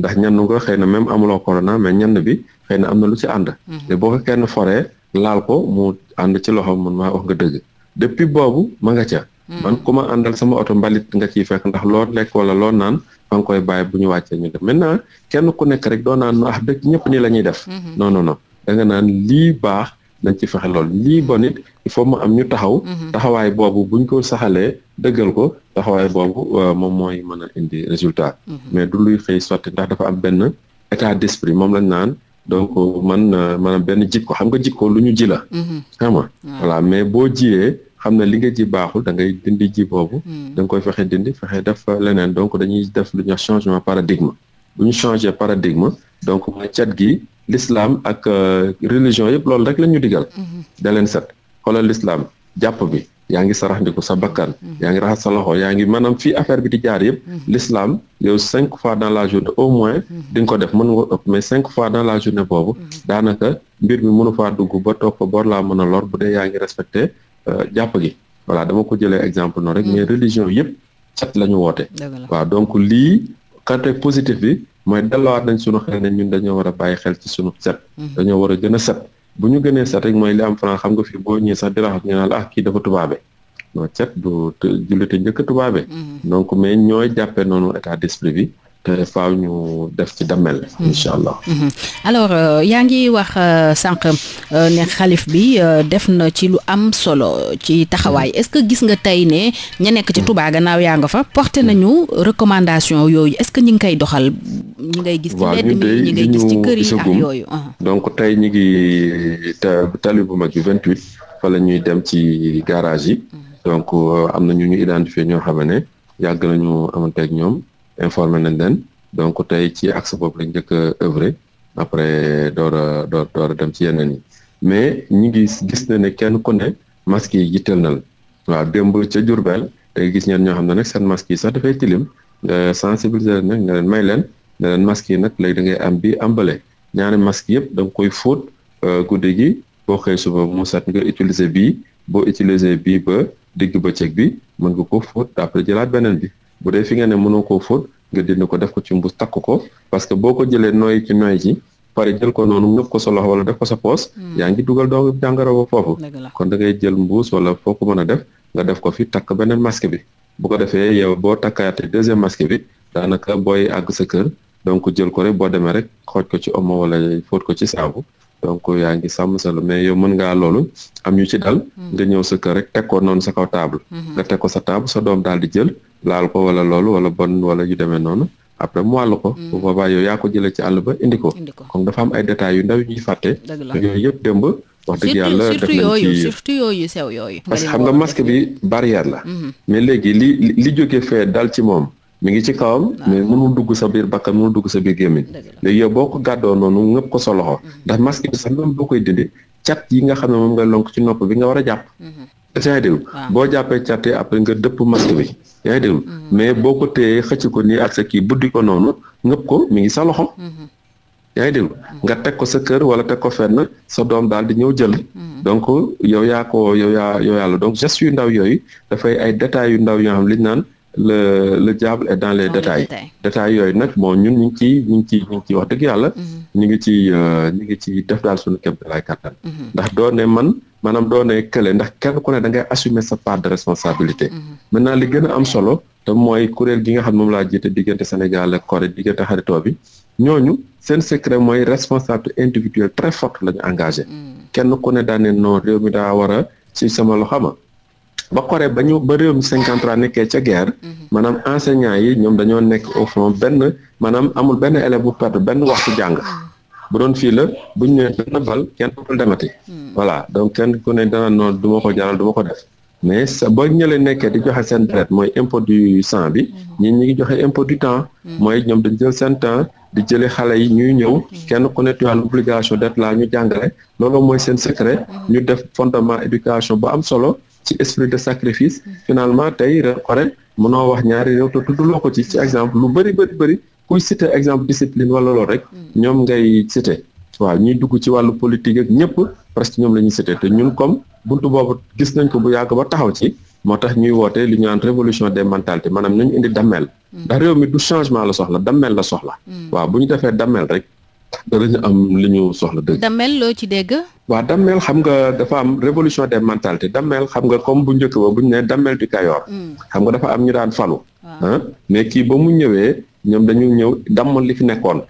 ndax ñenn ko xëy na am amuloo corona mais ñenn bi xëy na am na lu ci ànd. Mhm. te boo ko kenn foree laal ko mu ànd ci loxo mun maa wax nga dëgg depuis boobu ma nga ca. Mhm. man ku ma àndal sama oto mbalit nga ciy fekk ndax loo lekk wala loo naan. fa nga koy bàyyi bu ñu wàccee ñu def maintenant kenn ku nekk rek doo naan ah dëkk ñëpp nii la ñuy def. non non non da naan lii baax. nañ ci fexe lool lii bon it il faut mu am ñu taxaw. Mhm. taxawaay boobu buñ ko saxalee dëggal ko taxawaay boobu euh, moom mooy mën indi résultat. Mhm. mais du luy xëy sotti ndax dafa am benn état d'esprit moom lañ naan. donc euh, man euh, maanaam benn jikko xam nga jikko lu ñu ji la. Mhm. xam nga voilà mais boo jiyee xam ne li nga ji baaxul da ngay dindi ji boobu. da koy fexe dindi fexe def leneen donc dañuy def lu ñuy wax changement paradigme. bu ñu changé paradigme donc mooy cat gi l'islam ak euh, religion yëpp loolu rek lañu ñu digal mhm. da leen set xoolal jàpp bi yaa ngi sarax ndiku sa bakkan mhm. yaa ngi raxas sa loxo yaa ngi maanaam fii affaire bi di jaar yëpp mhm. l'islam yow cinq fois dans la journée au moins di ko def mën nga ëpp mais cinq fois dans la journée boobu daanaka mbir mi mënu faa dugg ba toog fa bor laa mën a lor bu dee yaa ngi respecté euh, jàpp gi voilà dama ko jëlee exemple no rek mais religion yëpp cat la ñu woote waaw donc lii côté positif bi mooy delluwaat nañ sunu xel ne ñun dañoo war a bàyyi xel ci sunu set. Mhm. dañoo war a gën a set bu ñu gënee set rek mooy li am France xam nga fi boo ñëwee sax di raxas ñu naan ah kii dafa tubaabe non set du jullite njëkk a tubaabe. Mhm. donc mais ñooy jàppee noonu état d'esprit bi. faaw ñu def ci damel mhm. incha allah mhm. alors euh, yaa ngi wax euh, sànq euh, ne xalif bi def na ci lu am solo ci taxawaay mhm. est-ce que gis nga tey ne ña nekk ci Touba gannaaw yaa nga fa porté nañu recommandation yooyu est-ce que ñi ngi koy doxal ñi ngay gis ci mbedd mi ñi ngay gis yooyu uh-huh. donc tey ñi ngi tali bu mag bi vingt huit fa la ñuy dem ci garage yi donc am na ñu ñu identifié ñoo xam ne yàgg nañu amanteeg ñoom informé nañ leen donc tey ci axe boobu lañ njëkk a œuvré après door door door dem ci yeneen mais ñu ngi gis na ne kenn ku ne masques yi jiital na waaw démb ca Diourbel da nga gis ñeen ñoo xam ne nag seen masques yi sax dafay tilim nga sensibiliser nag leen may leen ne leen masques yi nag léegi da ngay am bi ambale ñaari masques yëpp da nga koy fóot euh, guddi gi boo xëy suba mu set nga utiliser bii boo utiliser bii ba digg bëccëg bi mën nga ko fóot après jëlaat beneen bi bu dee fi nga ne mënoo koo fóot nga dindi ko def ko ci mbuus takk ko parce que boo ko jëlee nooy ci nooy ji pare jël ko noonu nëf ko sa loxo wala def ko sa poos hmm. yaa ngi dugal doo jàngoro ba foofu kon da ngay jël mbuus wala foo ko mën a def nga def ko fi takk beneen masque bi bo ko defee yow boo takkaate deuxième masque bi daanaka booy àgg sa kër donc jël ko rek boo demee rek xooj ko ci omo wala fóot ko ci saabu donc yaa ngi sàmm sa la mais yow mën ngaa loolu am ñu ci dal mm-hmm. nga ñëw sa kër rek teg ko noonu sa kaw table mm-hmm. nga teg ko sa table sa doom daal di jël laal ko wala loolu wala bon wala yu demee noonu après mu wàll ko mm-hmm. bu boobaa yow yaa ko jëlee ci àll ba indi ko comme dafa am ay détails yu ndaw yu ñuy yooyu yëpp démb wax dëgg yàlla def nañ ci surtout yooyu sew yooyu parce que xam nga masque bi barrière la mais léegi li li jóge fee dal ci moom mi ngi ci kawam mais mënul dugg sa biir bakkan mënul dugg sa biir gémmiñ léegi yow boo ko gàddoo noonu ngëpp ko sa loxo mm-hmm. ndax masque bi sax même koy dindi yi nga xam ne moom nga lonk ci nopp bi nga war a jàpp mm-hmm. boo jàppee cat yi après nga dëpp masque bi yaa mm-hmm. mais boo ko téyee xëcc ko ni ak sa kii buddi ko noonu ngëpp ko mi ngi sa loxo yaa ngi nga teg ko sa kër wala teg ko fenn sa doom daal di ñëw jël donc yow yaa ko yow yaa yow donc gestes yu ndaw yooyu dafay ay détails yu ndaw yoo xam li naan le le diable est dans les détails détails yooyu nag ñu ngi ciy ñu ngi ciy ñu ngi ciy wax dëgg yàlla ñu ngi ci ñu ngi ci def daal suñu kéem lay kàttan mhm. ndax doo ne man maanaam doo ne kële ndax kenn ku ne da ngay assumer sa part de responsabilité mhm. maintenant li gën a am solo te mooy kuréel gi nga xam moom laa jiite diggante Sénégal ak Corée diggante xaritoo bi ñooñu seen secret mooy responsabilité individuelle très forte la ñu engagé mhm. ku ne daane non réew mi daa war a ci sama loxo ba pare ba ñu ba réew mi 53 nekkee ca guerre mhm. maanaam enseignants yi ñoom dañoo nekk au front benn maanaam amul benn élève bu perdre benn waxtu jàng bu doon fii la buñ ne benn bal kenn dootul demati hmm. voilà donc kenn ku ne dana noonu duma ko jaral duma ko def mais sa boo ñëlee nekkee di joxe seen deret mooy impôt du sang bi hmm. ñi ñi ngi joxe impôt du temps hmm. mooy ñoom dañ jël seen temps di jëlee xale yi ñuy ñëw kenn ku ne tu as l'obligation d'être là ñu jàngale looloo mooy seen secret ñu def fondement éducation bu am solo ci esprit de sacrifice finalement tey Corée mënoo wax ñaari réew te tuddloo ko ci ci exemple lu bëri bëri bëri kuy cité exemple discipline wala loolu rek mm. ñoom ngay cité waaw ñuy dugg ci wàllu politique ak ñëpp presque ñoom la ñuy cité te ñun comme bunt boobu gis nañ ko bu yàgg ba taxaw ci moo tax ñuy woote li ñu naan révolution des mentalités maanaam ñu indi dammel mm. ndax réew mi du changement la soxla dammel la soxla mm. waaw bu ñu defee dammel rek danañu am li ñu soxla dëgg. dammel loo ci dégg. waaw dammel xam nga dafa am révolution de mentalités damel xam nga comme bu njëkk ba bu ñu nee dammel du Kayoor. Hmm. xam nga dafa am ñu daan falu. Ah, mais kii ba mu ñëwee ñoom dañu ñëw dammal li fi nekkoon.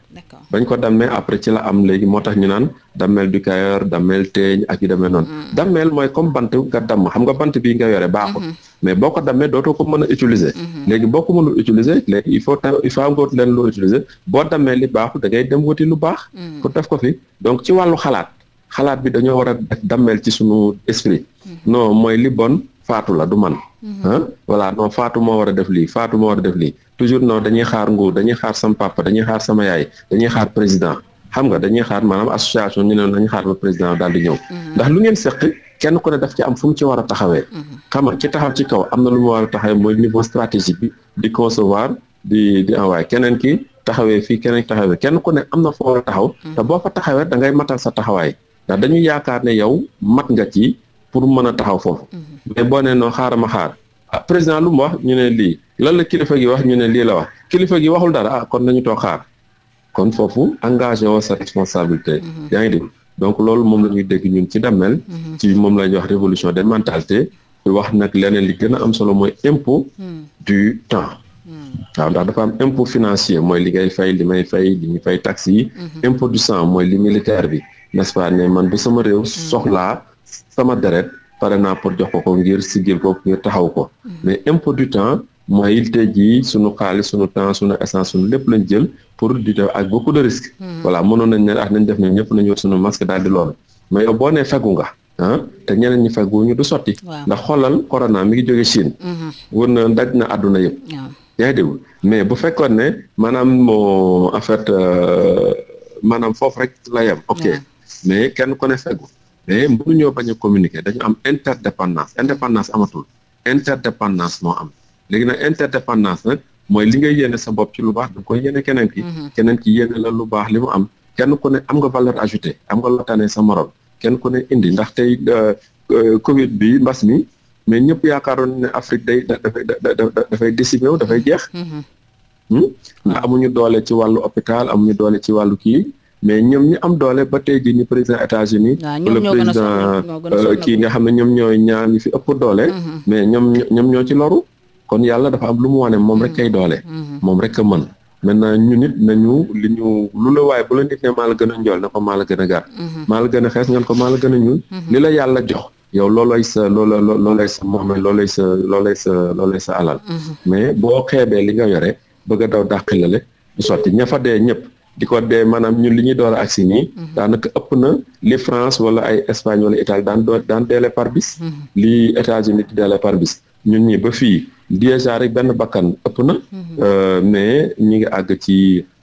bañ ko dammee après ci la am léegi moo tax ñu naan dammel du Kayoor dammel teeñ ak yu demee noonu. Mm. dammel mooy comme bant nga damm xam nga bant bii nga yore baaxul. Mm-hmm. mais boo ko dammee dootoo ko mën a utiliser. Mm-hmm. léegi boo ko mënul utiliser léegi il faut il faut nga leen loo utiliser boo dammee li baaxul da ngay dem wuti lu baax. Mm. pour def ko fi donc ci wàllu xalaat xalaat bi dañoo war a def ci sunu esprit. Mm-hmm. non mooy li bon. faatu la du man ah voilà faatu moo war a def lii faatu moo war a def lii toujours non dañuy xaar nguur dañuy xaar sama papa dañuy xaar sama yaay dañuy xaar président xam nga dañuy xaar maanaam association ñu ne dañuy xaar ba président daal di ñëw mhm. ndax lu ngeen seq kenn ku ne daf ci am fu ci war a taxawee mhm. xam nga taxaw ci kaw am na lu mu war a taxawee mooy niveau stratégique bi di concevoir di di envoyé keneen ki taxawee fii keneen taxawee ku ne am na foo a taxaw boo fa taxawee da ngay matal sa taxawaay ndax dañuy yaakaar ne yow mat nga pour mën a taxaw foofu mhm. mais boo nee noo xaaral ma xaar ah, président lu mu wax ñu ne lii lan la kilifa gi wax ñu ne lii la wax kilifa gi waxul dara ah kon nañu toog xaar kon foofu engagé woo sa responsabilité mhm. yaa ngi di donc loolu moom la ñuy dégg ñun ci Damel mhm. ci moom la ñuy wax révolution des mentalités wax nag leneen li gën a am solo mooy impôt du temps waaw ndax dafa am impôt financier mooy li ngay fay li may fay li ñu fay taxes yi impôt du sang mooy li militaire bi nest ne man bu sama réew soxlaa sama deret pare naa pour jox ko ko ngir siggil ko ngir taxaw ko mais impôt du temps mooy tey jii sunu xaalis suñu temps sunu essence sunu lépp lañ jël pour du def ak beaucoup de risques. Hmm. voilà mënoon nañ ne ak ah, nañ def ne ñëpp nañ war sunu masque daal di loolu mais yow boo nee fegu nga ah te ñeneen ñi fegu ñu du sotti. ndax xoolal corona mi ngi jóge Chine. Hmm. wër na daj na àdduna yëpp. yaa dégg mais bu fekkoon ne maanaam moo euh, en fait euh, maanaam foofu rek la yem. ok mais kenn ku ne mais mënuñoo bañ a communiquer dañu am interdépendance indépendance amatul interdépendance moo am léegi nag interdépendance nag mooy li nga yéene sa bopp ci lu baax da nga koy yéene keneen ki mhm. keneen ki yéene la lu baax li mu am kenn ku ne am nga valeur ajoutée am nga loo tane sa morom kenn ku ne indi ndax tey euh, euh, Covid bi mbas mi mais ñëpp yaakaaroon ne Afrique day dafay dafay décimé dafay mhm. jeex mhm. Hmm? ndax amuñu doole ci wàllu hôpital amuñu doole ci wàllu kii mais ñoom ñu am doole ba tey jii ni président États-Unis wala président euh, kii nga xam ne ñoom ñooy ñaar ñi fi ëpp doole mm-hmm. mais ñoom ñoom ñoo ci loru kon yàlla dafa am lu mu wane moom rek mm-hmm. kay doole mm-hmm. moom rek a mën maintenant ñu nit nañu li ñu lu la waaye bu la nit ne maa la gën a njool na ko maa la gën a gàtt maa la gën a xees ngeen ko maa la gën a ñuul li la yàlla jox yow loolooy sa loolo loolooy sa moome loolooy sa loolooy sa loolooy sa alal mais boo xeebee li nga yore bëgg a daw dàqilale du sotti ña fa dee ñëpp di ko dee maanaam ñun li ñuy door a agsi nii mhm. daanaka ëpp na li France wala ay Espagne wala Italie daan doo daan deelee par bis mhm. li États-Unis deelee par bis ñun ñi ba fii déjà rek benn bakkan ëpp na mhm. euh, mais ñi ngi àgg ci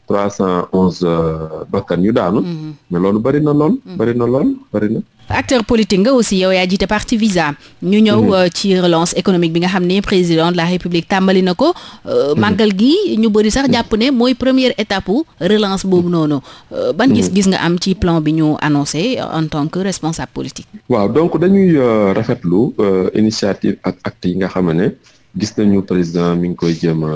trois cent onze euh, bakkan yu daanu. Mhm. mais loolu bari na lool. Mhm. bari na lool bari na. acteur politique nga aussi yow yaa jiite parti visa ñu ñëw mhm. euh, ci relance économique bi nga xam ne président de la république tàmbali na ko euh, màggal gi ñu bëri sax jàpp ne mooy première étape relance boobu noonu ban gis-gis nga am ci plan bi ñu annoncé en tant que responsable politique waaw donc dañuy rafetlu initiative ak acte yi nga xam ne gis nañu président mi ngi koy jëm a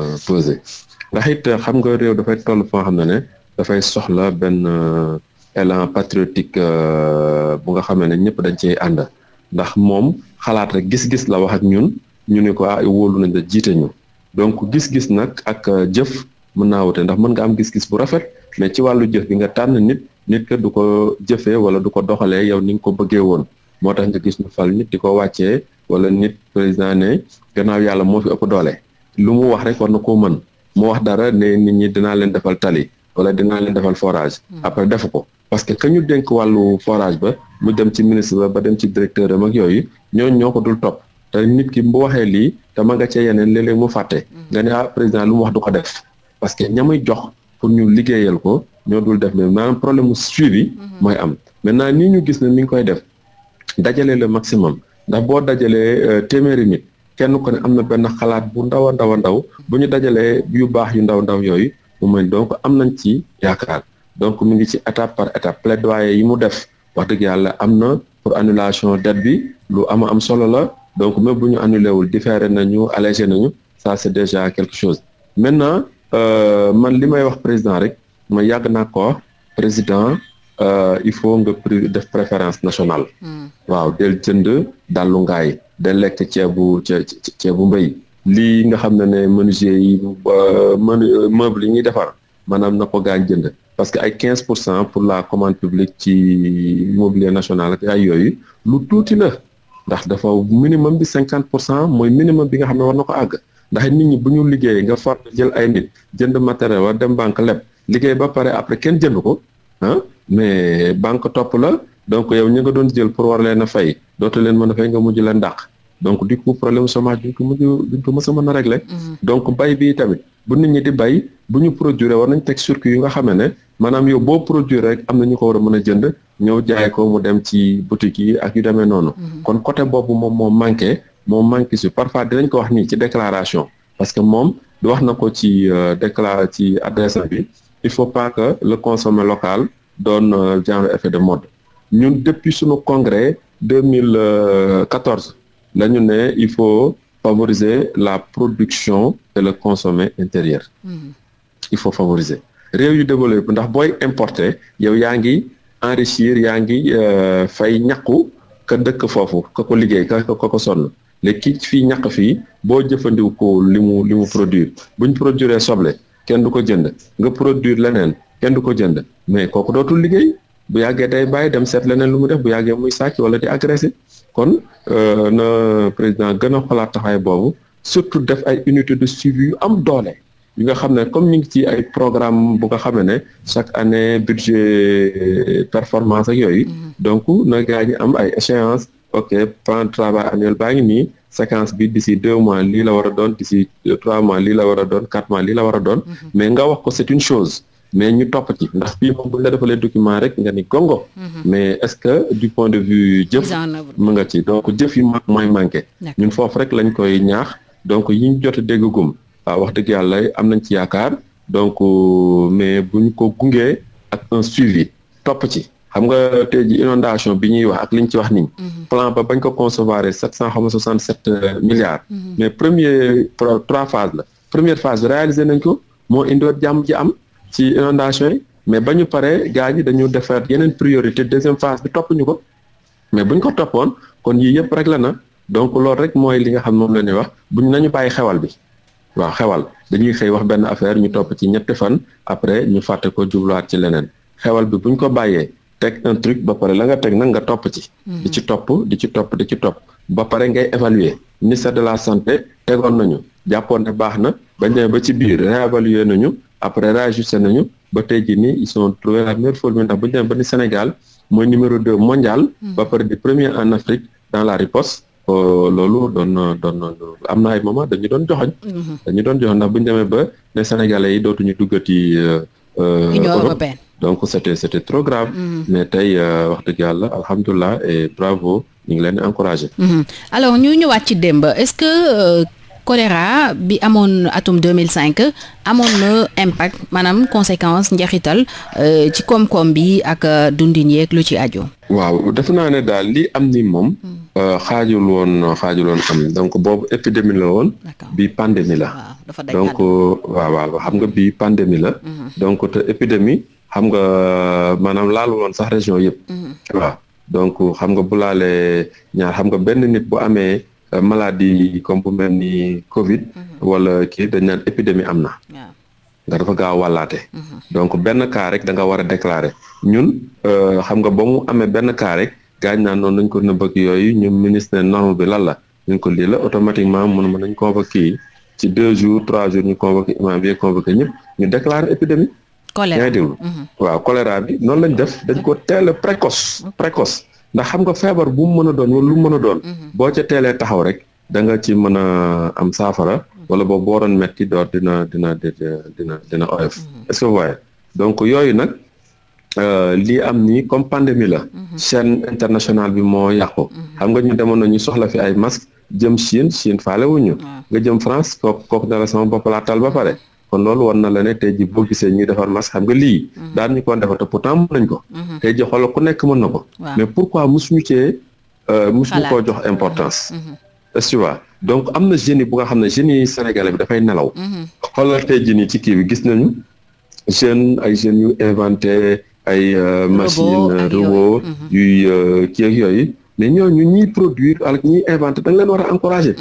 ndax it euh, xam nga réew dafay toll foo xam ne ne dafay soxla benn euh, élan patriotique euh, bu nga xam ne ñëpp dañ ciy ànd ndax moom xalaat rek gis-gis la wax ak ñun ñu ne ko ah wóolu nañ la jiite ñu donc gis-gis nag ak jëf mën naa wute ndax mën nga am gis-gis bu rafet mais ci wàllu jëf bi nga tànn nit nit ka du ko jëfee wala du ko doxalee yow ni nga ko bëggee woon moo tax nga gis ñu fal nit di ko wàccee wala nit président ne gannaaw yàlla moo fi ëpp doole lu mu wax rek war na koo mën mu wax dara ne nit ñi dinaa leen defal tali wala dinaa leen defal forage hmm. après defu ko parce que ka ñu dénk wàllu forage ba mu dem ci ministre ba ba dem ci directeur am mag yooyu ñooñ ñoo ko dul topp te nit ki bu waxee lii te ma nga cee yeneen léeg-léeg mu fàtte hmm. nga ne ah président lu mu wax du ko def parce que ñamuy jox pour ñu liggéeyal ko ñoo dul def mais maanaam problème mu suivi hmm. mooy am maintenant nii ñu gis ne mi ngi koy def dajale le maximum ndax boo dajalee euh, téeméeri nit kenn ku ne am na benn xalaat bu ndaw a ndaw a ndaw bu ñu dajalee yu baax yu ndaw ndaw yooyu mu donc am nañ ci yaakaar donc mu ngi ci étape par étape plaidoyer yi mu def wax dëgg yàlla am na pour annulation dette lu ama am solo la donc même bu ñu annulé wul différé nañu allégé nañu ça c'est déjà quelque chose maintenant euh, man li may wax président rek ma yàgg naa ko président euh, il faut nga def préférence nationale hmm. waaw del jënd dallu day lekk ceebu ceebu mbay lii nga xam ne ne menuisier yi meuble yi ñuy defar maanaam na ko gaañ jënd parce que ay quinze pour cent pour la commande publique ci mobilier national ak ay yooyu lu tuuti la ndax dafa minimum bi cinquante pour cent mooy minimum bi nga xam ne war na ko àgg ndax nit ñi bu ñu liggéey nga far jël ay nit jënd matériel war dem banque leb liggéey ba pare après kenn jënd ko ah mais banque topp la donc yow ñi nga doon jël pour war leen a fay dootu leen mën a fay nga mujj leen dàq donc di coup problème chômage duñ ko mën duñ ko mës a mën a régler mm-hmm. donc bay bi tamit bu nit ñi di bay bu ñu produire war nañ teg circuit yu nga xam ne maanaam yow boo produire rek am na ñu ko war a mën a jënd ñëw jaay ko mu dem ci boutique yi ak yu demee noonu mm-hmm. kon côté boobu moom moo manqué moo manqué si parfois dinañ ko wax nii ci déclaration parce que moom du wax na ko ci euh, décla ci adresse bi il faut pas que le consommateur local doon euh, genre effet de mode ñun depuis suñu congrès 2014 dañu ne il faut favoriser la production et le consommer intérieur mmh. il faut favoriser réew yu développé ndax booy importer yow yaa ngi enrichir yaa ngi euh, fay ñàkku ka dëkk foofu ka ko liggéey ka ko sonn léegi ki fii ñàkk fii boo jëfandikoo li mu li mu produire buñ produire soble kenn du ko jënd nga produire leneen kenn du ko jënd mais kooku dootul liggéey bu yàggee day bàyyi dem seet leneen lu mu def bu yàggee muy sàcc wala di agressé kon euh, na président gën a xolaat taxawaay boobu surtout def ay unité de suivi yu am doole yi nga xam ne comme ñu ngi ci ay programme bu nga xam ne chaque année budget euh, performance ak yooyu mm-hmm. donc na gaa am ay échéance ok plan de travail annuel baa ngi nii séquence bi d'ici deux mois lii la war a doon d'ici trois mois li la war a doon quatre mois lii la war a doon mm-hmm. mais nga wax ko c'est une chose mais ñu topp ci ndax fii moom buñ la defalee document rek nga ni gongo mhm. mais est-ce que du point de vue jëf mu nga ci donc jëf yi mooy manqué ñun foofu rek lañ koy ñaax donc yi ñu jot a déggagum waaw wax dëgg yàlla am nañ ci yaakaar donc euh, mais buñ ko gungee ak un suivi topp ci xam nga tey ji inondation bi ñuy wax ak liñ ci wax nii. Mhm. plan ba bañ ko concevoir sept cent xam nga soixante sept euh, milliards mhm. mais premier trois phases la première phase réalisé nañ ko moo indiwaat jàmm ji am ci inondation yi mais ba ñu paree gars ñi dañu defar yeneen priorité deuxième phase bi topp ñu ko mais bu ñu ko toppoon kon yii yëpp rek la na donc loolu rek mooy li nga xam moom la ñuy wax buñ nañu bàyyi xewal bi waa xewal dañuy xëy wax benn affaire ñu topp ci ñetti fan après ñu fàtte ko jubluwaat ci leneen xewal bi buñ ko bàyyee teg un ba pare la nga teg nag nga topp ci. di ci topp di ci topp di ci topp ba pare ngay évaluer ministère de la santé tegoon nañu jàppoon ne baax na bañ ba ci biir réévaluer nañu après réajusté nañu ba tey jii nii ils ont trouvé la ndax bu ñu ba ni Sénégal mooy numéro deux mondial. Hmm. ba pare di premier en Afrique dans la riposte. Euh, loolu doon doon am na ay moment dañu doon joxoñ hmm. dañu doon joxoñ ndax bu ñu demee ba ne Sénégalais yi dootuñu duggati. Euh, euh, Union européenne donc c' était c' était trop grave. Hmm. mais tey wax dëgg yàlla alhamdulilah et bravo ñu ngi leen di alors ñu ñëwaat ci démb choléra bi amoon atum 2005 amoon na impact maanaam conséquence njeexital euh, ci koom-koom bi ak euh, dundin yeeg lu ci aju. waaw def na ne daal li am ni moom. Hmm. Euh, xaajul woon xaajul woon am donc boobu épidémie la woon. bi pandémie la. donc waaw waaw xam nga bi pandémie la. Hmm. donc te épidémie xam nga maanaam laalu woon sax région yëpp. Hmm. waaw donc xam nga bu laalee ñaar xam nga benn nit bu amee. Euh, maladi comme bu ni Covid. Mhm. wala kii dañ naan épidémie am na. nga dafa gaaw wàllaate mhm. donc benn cas rek da nga war a déclarer ñun euh, xam nga ba mu amee benn cas rek gaañ naa noonu nañ ko nëbb ak yooyu ñu ministre norme bi lan la ñu ko lii la automatiquement mun mën nañ convoqué ci deux jours trois jours ñu convoqué imam bi convoqué ñëpp ñu déclarer épidémie. choléra yaa ngi mhm. bi noonu lañ def dañ ko teel a précoce précoce. ndax xam nga feebar bu mu mën a doon lu mën a doon. Mhm. boo ca teelee taxaw rek danga ci mën a am saafara. Mhm. wala boobu boo metti door dina dina dina dina oyof. Mhm. est que vous donc yooyu nag euh, lii am nii comme pandémie la. chaîne internationale bi moo yàqu. xam nga ñu demoon na ñu soxla fi ay masques jëm Chine Chine faale ñu nga jëm France kooku kooku dara sama bopp laa tal ba pare. kon loolu war na la ne tey ji boo gisee ñuy defar masque xam nga lii mhm. daan ñu ko defar te pourtant mën nañ ko mhm. tey ji xoolal ku nekk mën na ko mais pourquoi mosuñu cee euh, mosuñu koo jox importance mhm. est-ce que tu vois donc am na jeunes yi bu nga xam ne jeunes yi dafay nelaw xoolal tey ji nii ci kii bi gis nañu jeunes ay jeunes yu inventé ay euh, machine robot yuy euh, kii yooyu mais ñooñu ñuy produire ak ñuy inventé da nga leen war a encouragé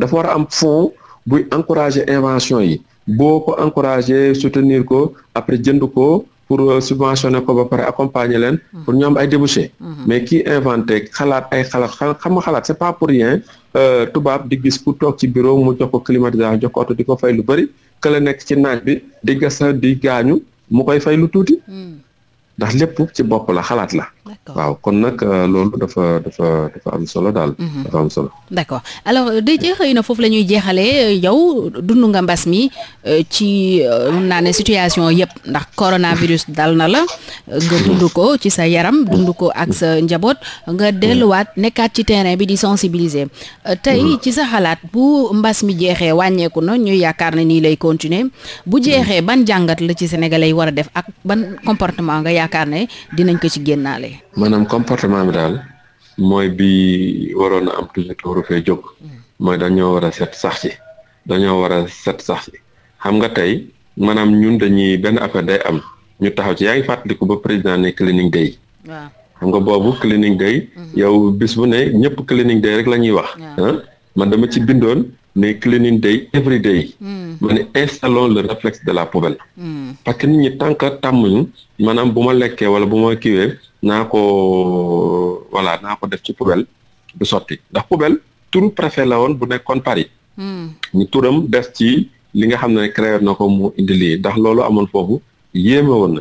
dafa war am fond buy encouragé invention yi boo ko encouragé soutenir ko après jënd ko pour euh, subventionner ko ba pare accompagner leen. Mm. pour ñu am ay débouché. Mm-hmm. mais kii inventé xalaat ay xalaat xam nga xalaat c'est pas pour rien euh, tubaab di gis ku toog ci bureau mu jox ko climatisation jox oto di ko fay lu bëri que la nekk ci naaj bi di gasa di gaañu mu koy fay lu tuuti. Mm. ndax lépp ci bopp la xalaat la. waaw kon nag euh, loolu dafa dafa dafa am solo daal. Mhm. dafa am solo. d'accord alors euh, Déthié xëy na foofu la ñuy jeexalee euh, yow dund nga mbas mi ci mun naa ne situation yëpp ndax coronavirus dal na la nga dund ko ci sa yaram dund ko ak sa njaboot nga delluwaat nekkaat ci terrain bi di sensibiliser. tey mhm. ci sa xalaat bu mbas mi jeexee wàññeeku na ñuy yaakaar ne nii lay continuer bu jeexee ban jàngat la ci sénégalais yi war a def ak ban comportement nga yaakaar ne dinañ ko ci génnaale. maanaam comportement bi daal mooy bi waroon am toujours waru fee jóg mooy dañoo war a set sax ci dañoo war a set sax xam nga tey maanaam ñun dañuy benn affaire day am ñu taxaw ci yaa ngi fàttaliku ba président ne cleaning day. waaw xam nga boobu cleaning day. Mhm. yow bis bu ne ñëpp cleaning day rek lañuy wax. Ah, man dama ci bindoon. mais cleaning day every day. Hmm. ma ne installons le réflexe de la poubelle. Hmm. parce que nit ñi tant que tàmmuñu maanaam bu ma lekkee wala bu ma kiiwee naa ko voilà naa ko def ci poubelle du sotti ndax poubelle turu préfet la woon bu nekkoon Paris. ñu hmm. turam des ci li nga xam ne créé na ko mu indi lii ndax loolu amoon foofu yéeme woon na.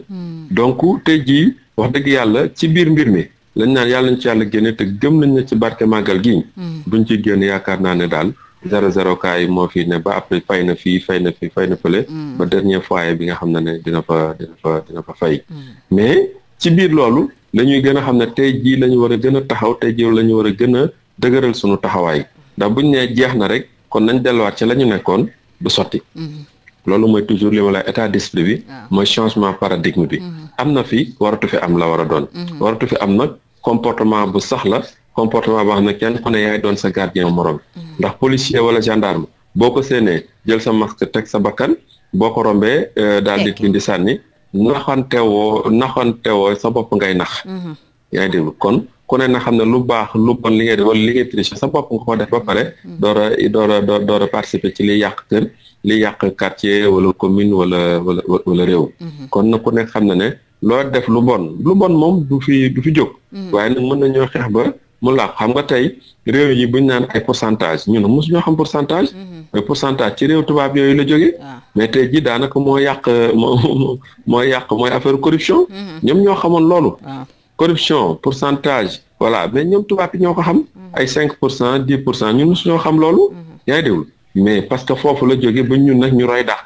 donc te jii wax dëgg yàlla ci biir mbir mi. lañ naan yàlla nañ ci yàlla génne te gëm nañ ne ci barke màggal gi. buñ ci génn yaakaar naa ne daal. zéro zéro cas yi moo fi ne ba après fay na fii fay na fii fay na fële mm. ba dernier foyer bi nga xam ne ne dina fa dina fa fa fay mm. mais ci biir loolu lañuy ñuy gën a xam ne tey jii la ñu war a gën taxaw tey jii la ñu war a gën a dëgëral suñu taxawaay ndax buñ nee jeex na rek kon nañ delluwaat ci la ñu nekkoon du sotti mm-hmm. loolu mooy toujours li ma la état d'esprit bi ah. mooy changement paradigme bi mm-hmm. am na fi waratu fi am la war a doon mm-hmm. waratu fi am nag comportement bu sax la comportement boo xam ne kenn ku ne yaay doon sa gardien morom mm-hmm. ndax policier wala gendarme boo ko séenee jël sa masque teg sa bakkan boo ko rombee euh, daal di bindi sànni naxantewoo naxantewoo sa bopp ngay nax mm-hmm. kon ku ne na xam ne lu baax lu bon li ngay def wala li ngay tricher sa bopp nga ko def ba mm-hmm. pare a door a door a participer ci liy yàq kër liy yàq quartier wala commune wala wala wala réew kon na ku ne xam ne ne loo def lu bon lu fi jóg waaye nag mën nañoo xeex ba mu làqu xam nga tey réew yi bu ñu naan ay pourcentage ñun mosu ñoo xam pourcentage. mais mhm. pourcentage ci réew tubaab yooyu la jógee. Ah. mais tey jii daanaka moo yàq moo moo yàq mooy affaire corruption. Mhm. ñoom ñoo xamoon loolu. Ah. corruption pourcentage voilà mais ñoom tubaab yi ñoo ko xam. Mhm. ay cinq pour cent dix pour cent ñun mosu ñoo xam loolu. yaa ngi mais parce que foofu la jógee ba ñun na ñu roy dàq.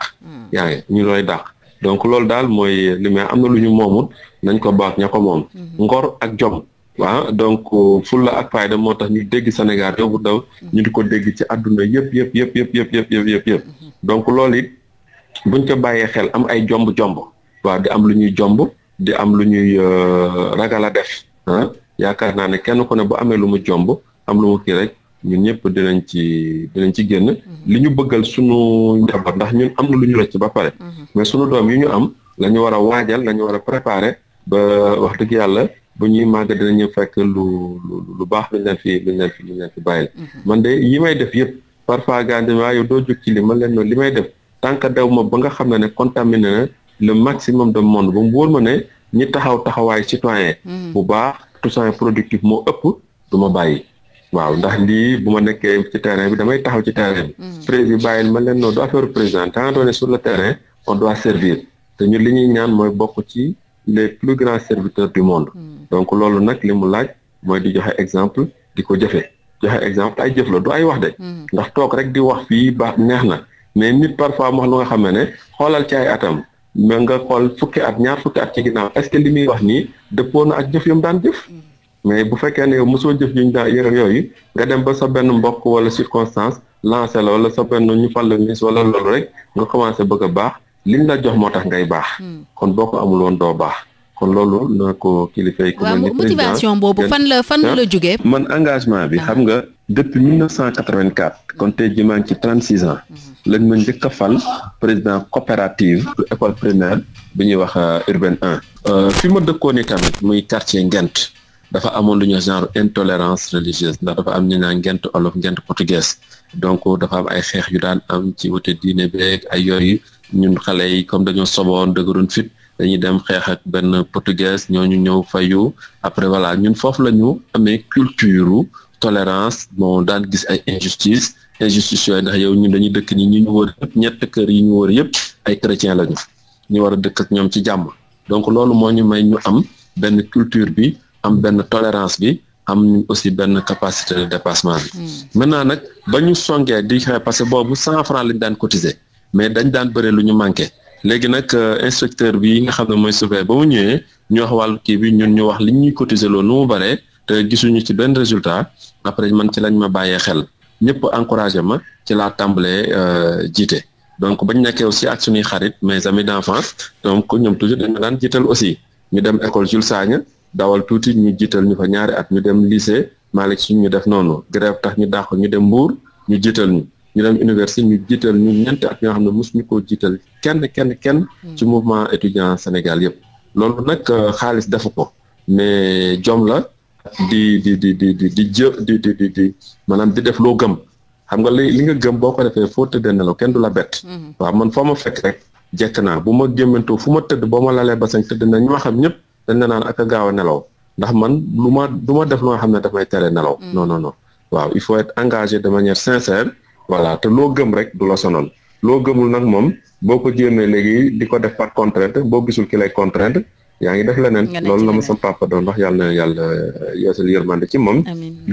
yaa ñu roy dàq. donc loolu daal mooy li may am na lu ñu moomul nañ ko baax ña ko moom. ngor ak jom. waa donc euh, la ak fayda moo tax ñu dégg Sénégal yóbbu daw ñu di ko dégg ci àdduna yëpp yëpp yëpp yëpp yëpp yëpp yëpp yëpp yëpp donc loolu it buñ ca bàyyee xel am ay jomb-jomb waaw di am lu ñuy jomb di am lu ñuy euh, ragal a def ah, yaakaar naa ne kenn ku ne bu amee lu mu jomb am lu mu kii rek ñun ñëpp dinañ ci dinañ ci génn mhm. li ñu bëggal sunu njaboot ndax ñu am na lu ñu rëcc ba pare mhm. mais sunu doom yi ñu am lañu ñu war a waajal la ñu war a préparer ba wax dëgg yàlla ba ñuy màgg dinañu fekk lu lu baax lu leen fi lu leen fi lu leen fi bàyyil mhm. man de yi may def yëpp parfois gandi maa yow doo jóg ci li ma leen noonu li may def tant que daw ma ba nga xam ne ne contaminé na le maximum de monde ba mu wóor ma ne ñi taxaw taxawaay citoyen mhm. bu baax tousan productif moo ëpp du ma bàyyi waaw ndax lii bu ma nekkee ci terrain bi damay taxaw ci terrain bi mhm. président bàyyil ma leen noonu président tant on sur le terrain on doit servir te ñun li ñuy ñaan mooy bokk ci les plus grands serviteurs du donc loolu nag li mu laaj mooy di joxe exemple di ko jëfee joxe exemple ay jëf la du ay wax de. Hmm. ndax took rek di wax fii baax neex na mais nit parfois wax lu nga xam ne xoolal ci ay atam mais nga xool fukki at ñaar fukki at ci ginnaaw est-ce que li muy wax nii dëppoo na ak jëf yu daan jëf. Hmm. mais bu fekkee ne yow mosoo jëf yuñ daan yore yooyu nga dem ba sa benn mbokk wala circonstance lancé la wala sa benn ñu fal la miis wala loolu rek nga commencé bëgg a baax liñ la jox moo tax ngay baax. Hmm. kon boo ko doo baax. kon loolu na ko kilifay ko mel ni motivation boobu fan la fan la ah, jógee man engagement bi xam nga depuis 1984 kon tey jii maa ngi ci 36 ans mhm. lañ ma njëkk a fal président coopérative pour école primaire bi ñuy wax euh, urbaine 1 euh, fi ma dëkkoon tamit muy quartier Ngent dafa amoon lu ñuy genre intolérance religieuse ndax dafa am ñu naan ngent olof ngent portugais donc dafa am ay xeex yu daan am ci wute diine beeg ay yooyu ñun xale yi comme dañoo soboon dëgëroon fit dañuy dem xeex ak benn ñoo ñu ñëw fayu après voilà ñun foofu la ñu amee culture tolérance bon daan gis ay injustice injustice yooyu ndax yow ñu dañuy dëkk ni ñu ñu wër ñett kër yi ñu wër yëpp ay chrétien la ñu ñu war a dëkk ak ñoom ci jàmm donc loolu moo ñu may ñu am benn culture bi am benn tolérance bi am ñu aussi benn capacité de dépassement bi hmm. maintenant nag ba ñu songee di xeex parce que boobu cent franc lañ daan cotiser mais dañ daan bëre lu ñu manqué léegi nag euh, inspecteur bi nga xam ne mooy surveiller ba mu ñëwee ñu wax wàllu kii bi ñun ñu wax li ñuy cotiser loolu nu bare te gisuñu ci benn résultat après man ci lañ ma bàyyee xel ñëpp encouragé ma ci laa tàmbalee euh, jiite donc bañ nekkee aussi ak suñuy xarit mes amis d'enfance donc ñoom toujours dañ ma daan jiital aussi ñu dem école Jules Sagna dawal tuuti ñu jiital ñu fa ñaari at ñu dem lycée Malick suñ ñu def noonu grève tax ñu dàq ñu dem Mbour ñu jiital ñu ñu dem université ñu ñu ñeenti at yoo xam ne mosuñu koo jiital kenn kenn kenn hmm. ci mouvement étudiant Sénégal yëpp loolu nag euh, xaalis defu ko mais jom la di di di di di di jë di di di maanaam di def loo gëm xam nga li li nga gëm boo ko defee foo tëddee nelaw kenn du la bett hmm. waaw man foo ma fekk rek jekk naa bu ma gémmantoo fu ma tëdd boo ma lalee basañ tëdd na ñu xam ñëpp dañ na naan ak gaaw a nelaw ndax man lu ma du ma def lu nga xam ne daf may tere nelaw hmm. non non non waaw il faut être engagé de manière sincère voilà te loo gëm rek du la sonal loo gëmul nag moom boo ko jéemee léegi di ko def par contrainte boo gisul ki lay contrainte yaa ngi def leneen loolu la ma sama papa doon wax yàlla na yàlla yeesal yërmande ci moom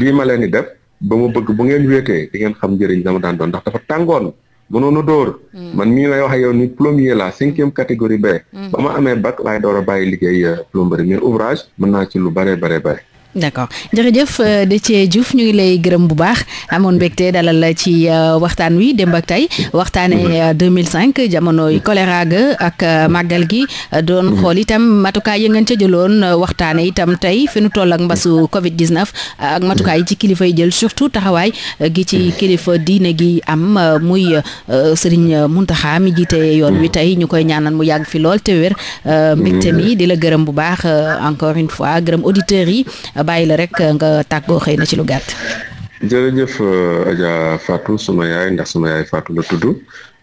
lii ma leen di def ba mu bëgg bu ngeen wéetee di ngeen xam njëriñ dama daan doon ndax dafa tàngoon mënoon a dóor hmm. man mii lay wax yow ni plombier la cinquième catégorie B hmm. ba ma amee bac laay door bàyyi liggéey euh, plomberie mais ouvrage mën naa ci lu bare bare bare d' accord jërëjëf euh, Dethie Diouf ñu ngi lay gërëm bu baax amoon mbégte dalal ci euh, waxtaan wi démb ak tey waxtaanee 2005 euh, jamonoy choléra ga ak màggal gi doon xool itam matukaay yi ngeen ca jëloon waxtaanee itam tey fenu nu toll ak mbasu Covid 19 ak matukaay yi ci kilifa yi jël surtout taxawaay gi ci kilifa diine gi am muy Serigne Mountakha mi jiite yoon wi tey ñu koy ñaanal mu yàgg fi lool te wér mbégte mi di la gërëm bu baax encore une fois gërëm auditeurs yi. bàyyi la rek nga tàggoo xëy na ci lu gàtt. jërëjëf euh, Adja Fatou suma yaay ndax suma yaay Fatou la tudd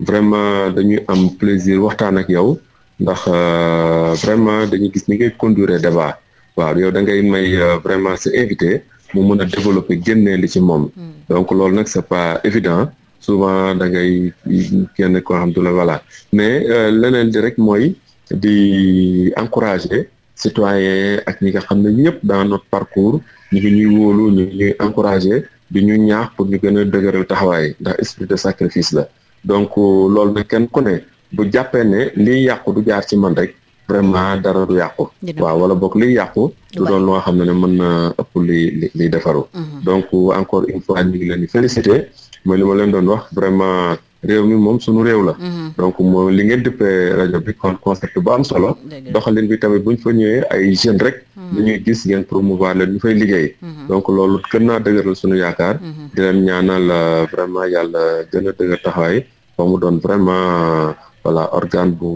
vraiment dañuy am plaisir waxtaan ak yow ndax euh, vraiment dañuy gis ni ngay conduire débat waaw yow da ngay may euh, vraiment sa invité mu mën a développer génnee li ci moom. Hmm. donc loolu nag c'est pas évident souvent da ngay kenn koo xam du mais leneen di rek mooy di encourager. citoyens ak ñi nga xam ne ñëpp daa notre parcours ñu ngi ñuy wóolu ñu ñuy encouragé di ñu ñaax pour ñu gën a taxawaay ndax esprit de sacrifice la donc euh, loolu na kenn ku ne bu jàppee ne liy yàqu du jaar ci man rek vraiment dara du yàqu waaw wala boog li yàqu du doon lu nga xam ne mën na ëpp li liy defaru mhm. donc encore une fois ñu ngi leen di félicité mooy li ma leen doon wax vraiment réew mi moom sunu réew la. Mhm. donc moo li ngeen duppee rajo bi kon concept bu am solo. doxalin bi tamit bu ñu fa ñëwee ay jeunes rek. ñu mhm. ñuy gis ngeen promouvoir leen ñu fay liggéey. Mhm. donc loolu gën naa dëgëral sunu yaakaar. di leen ñaanal euh, vraiment yàlla gën a dëgër taxawaay ba mu doon vraiment. voilà organe bu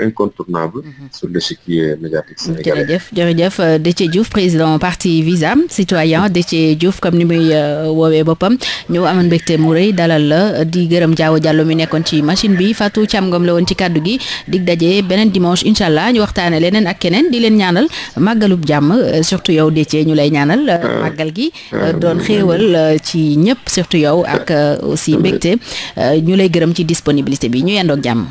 incontournable. Mhm. sur l'échiquier médiatique sénégalais. jërëjëf jërëjëf euh, Déthié Diouf président parti Visam citoyen Déthié Diouf comme ni muy euh, woowee boppam ñu amoon mbégte mu rëy dalal la di gërëm Diaw Diallo mi nekkoon ci machine bi Fatou Thiam Ngom la woon ci kàddu gi dig daje beneen dimanche incha allah ñu waxtaane leneen ak keneen di leen ñaanal màggalub jàmm euh, surtout yow Déthié ñu lay ñaanal. màggal gi doon xéewal ci ñëpp surtout yow ak aussi mbégte gërëm ci disponibilité bi. yendoog jàmm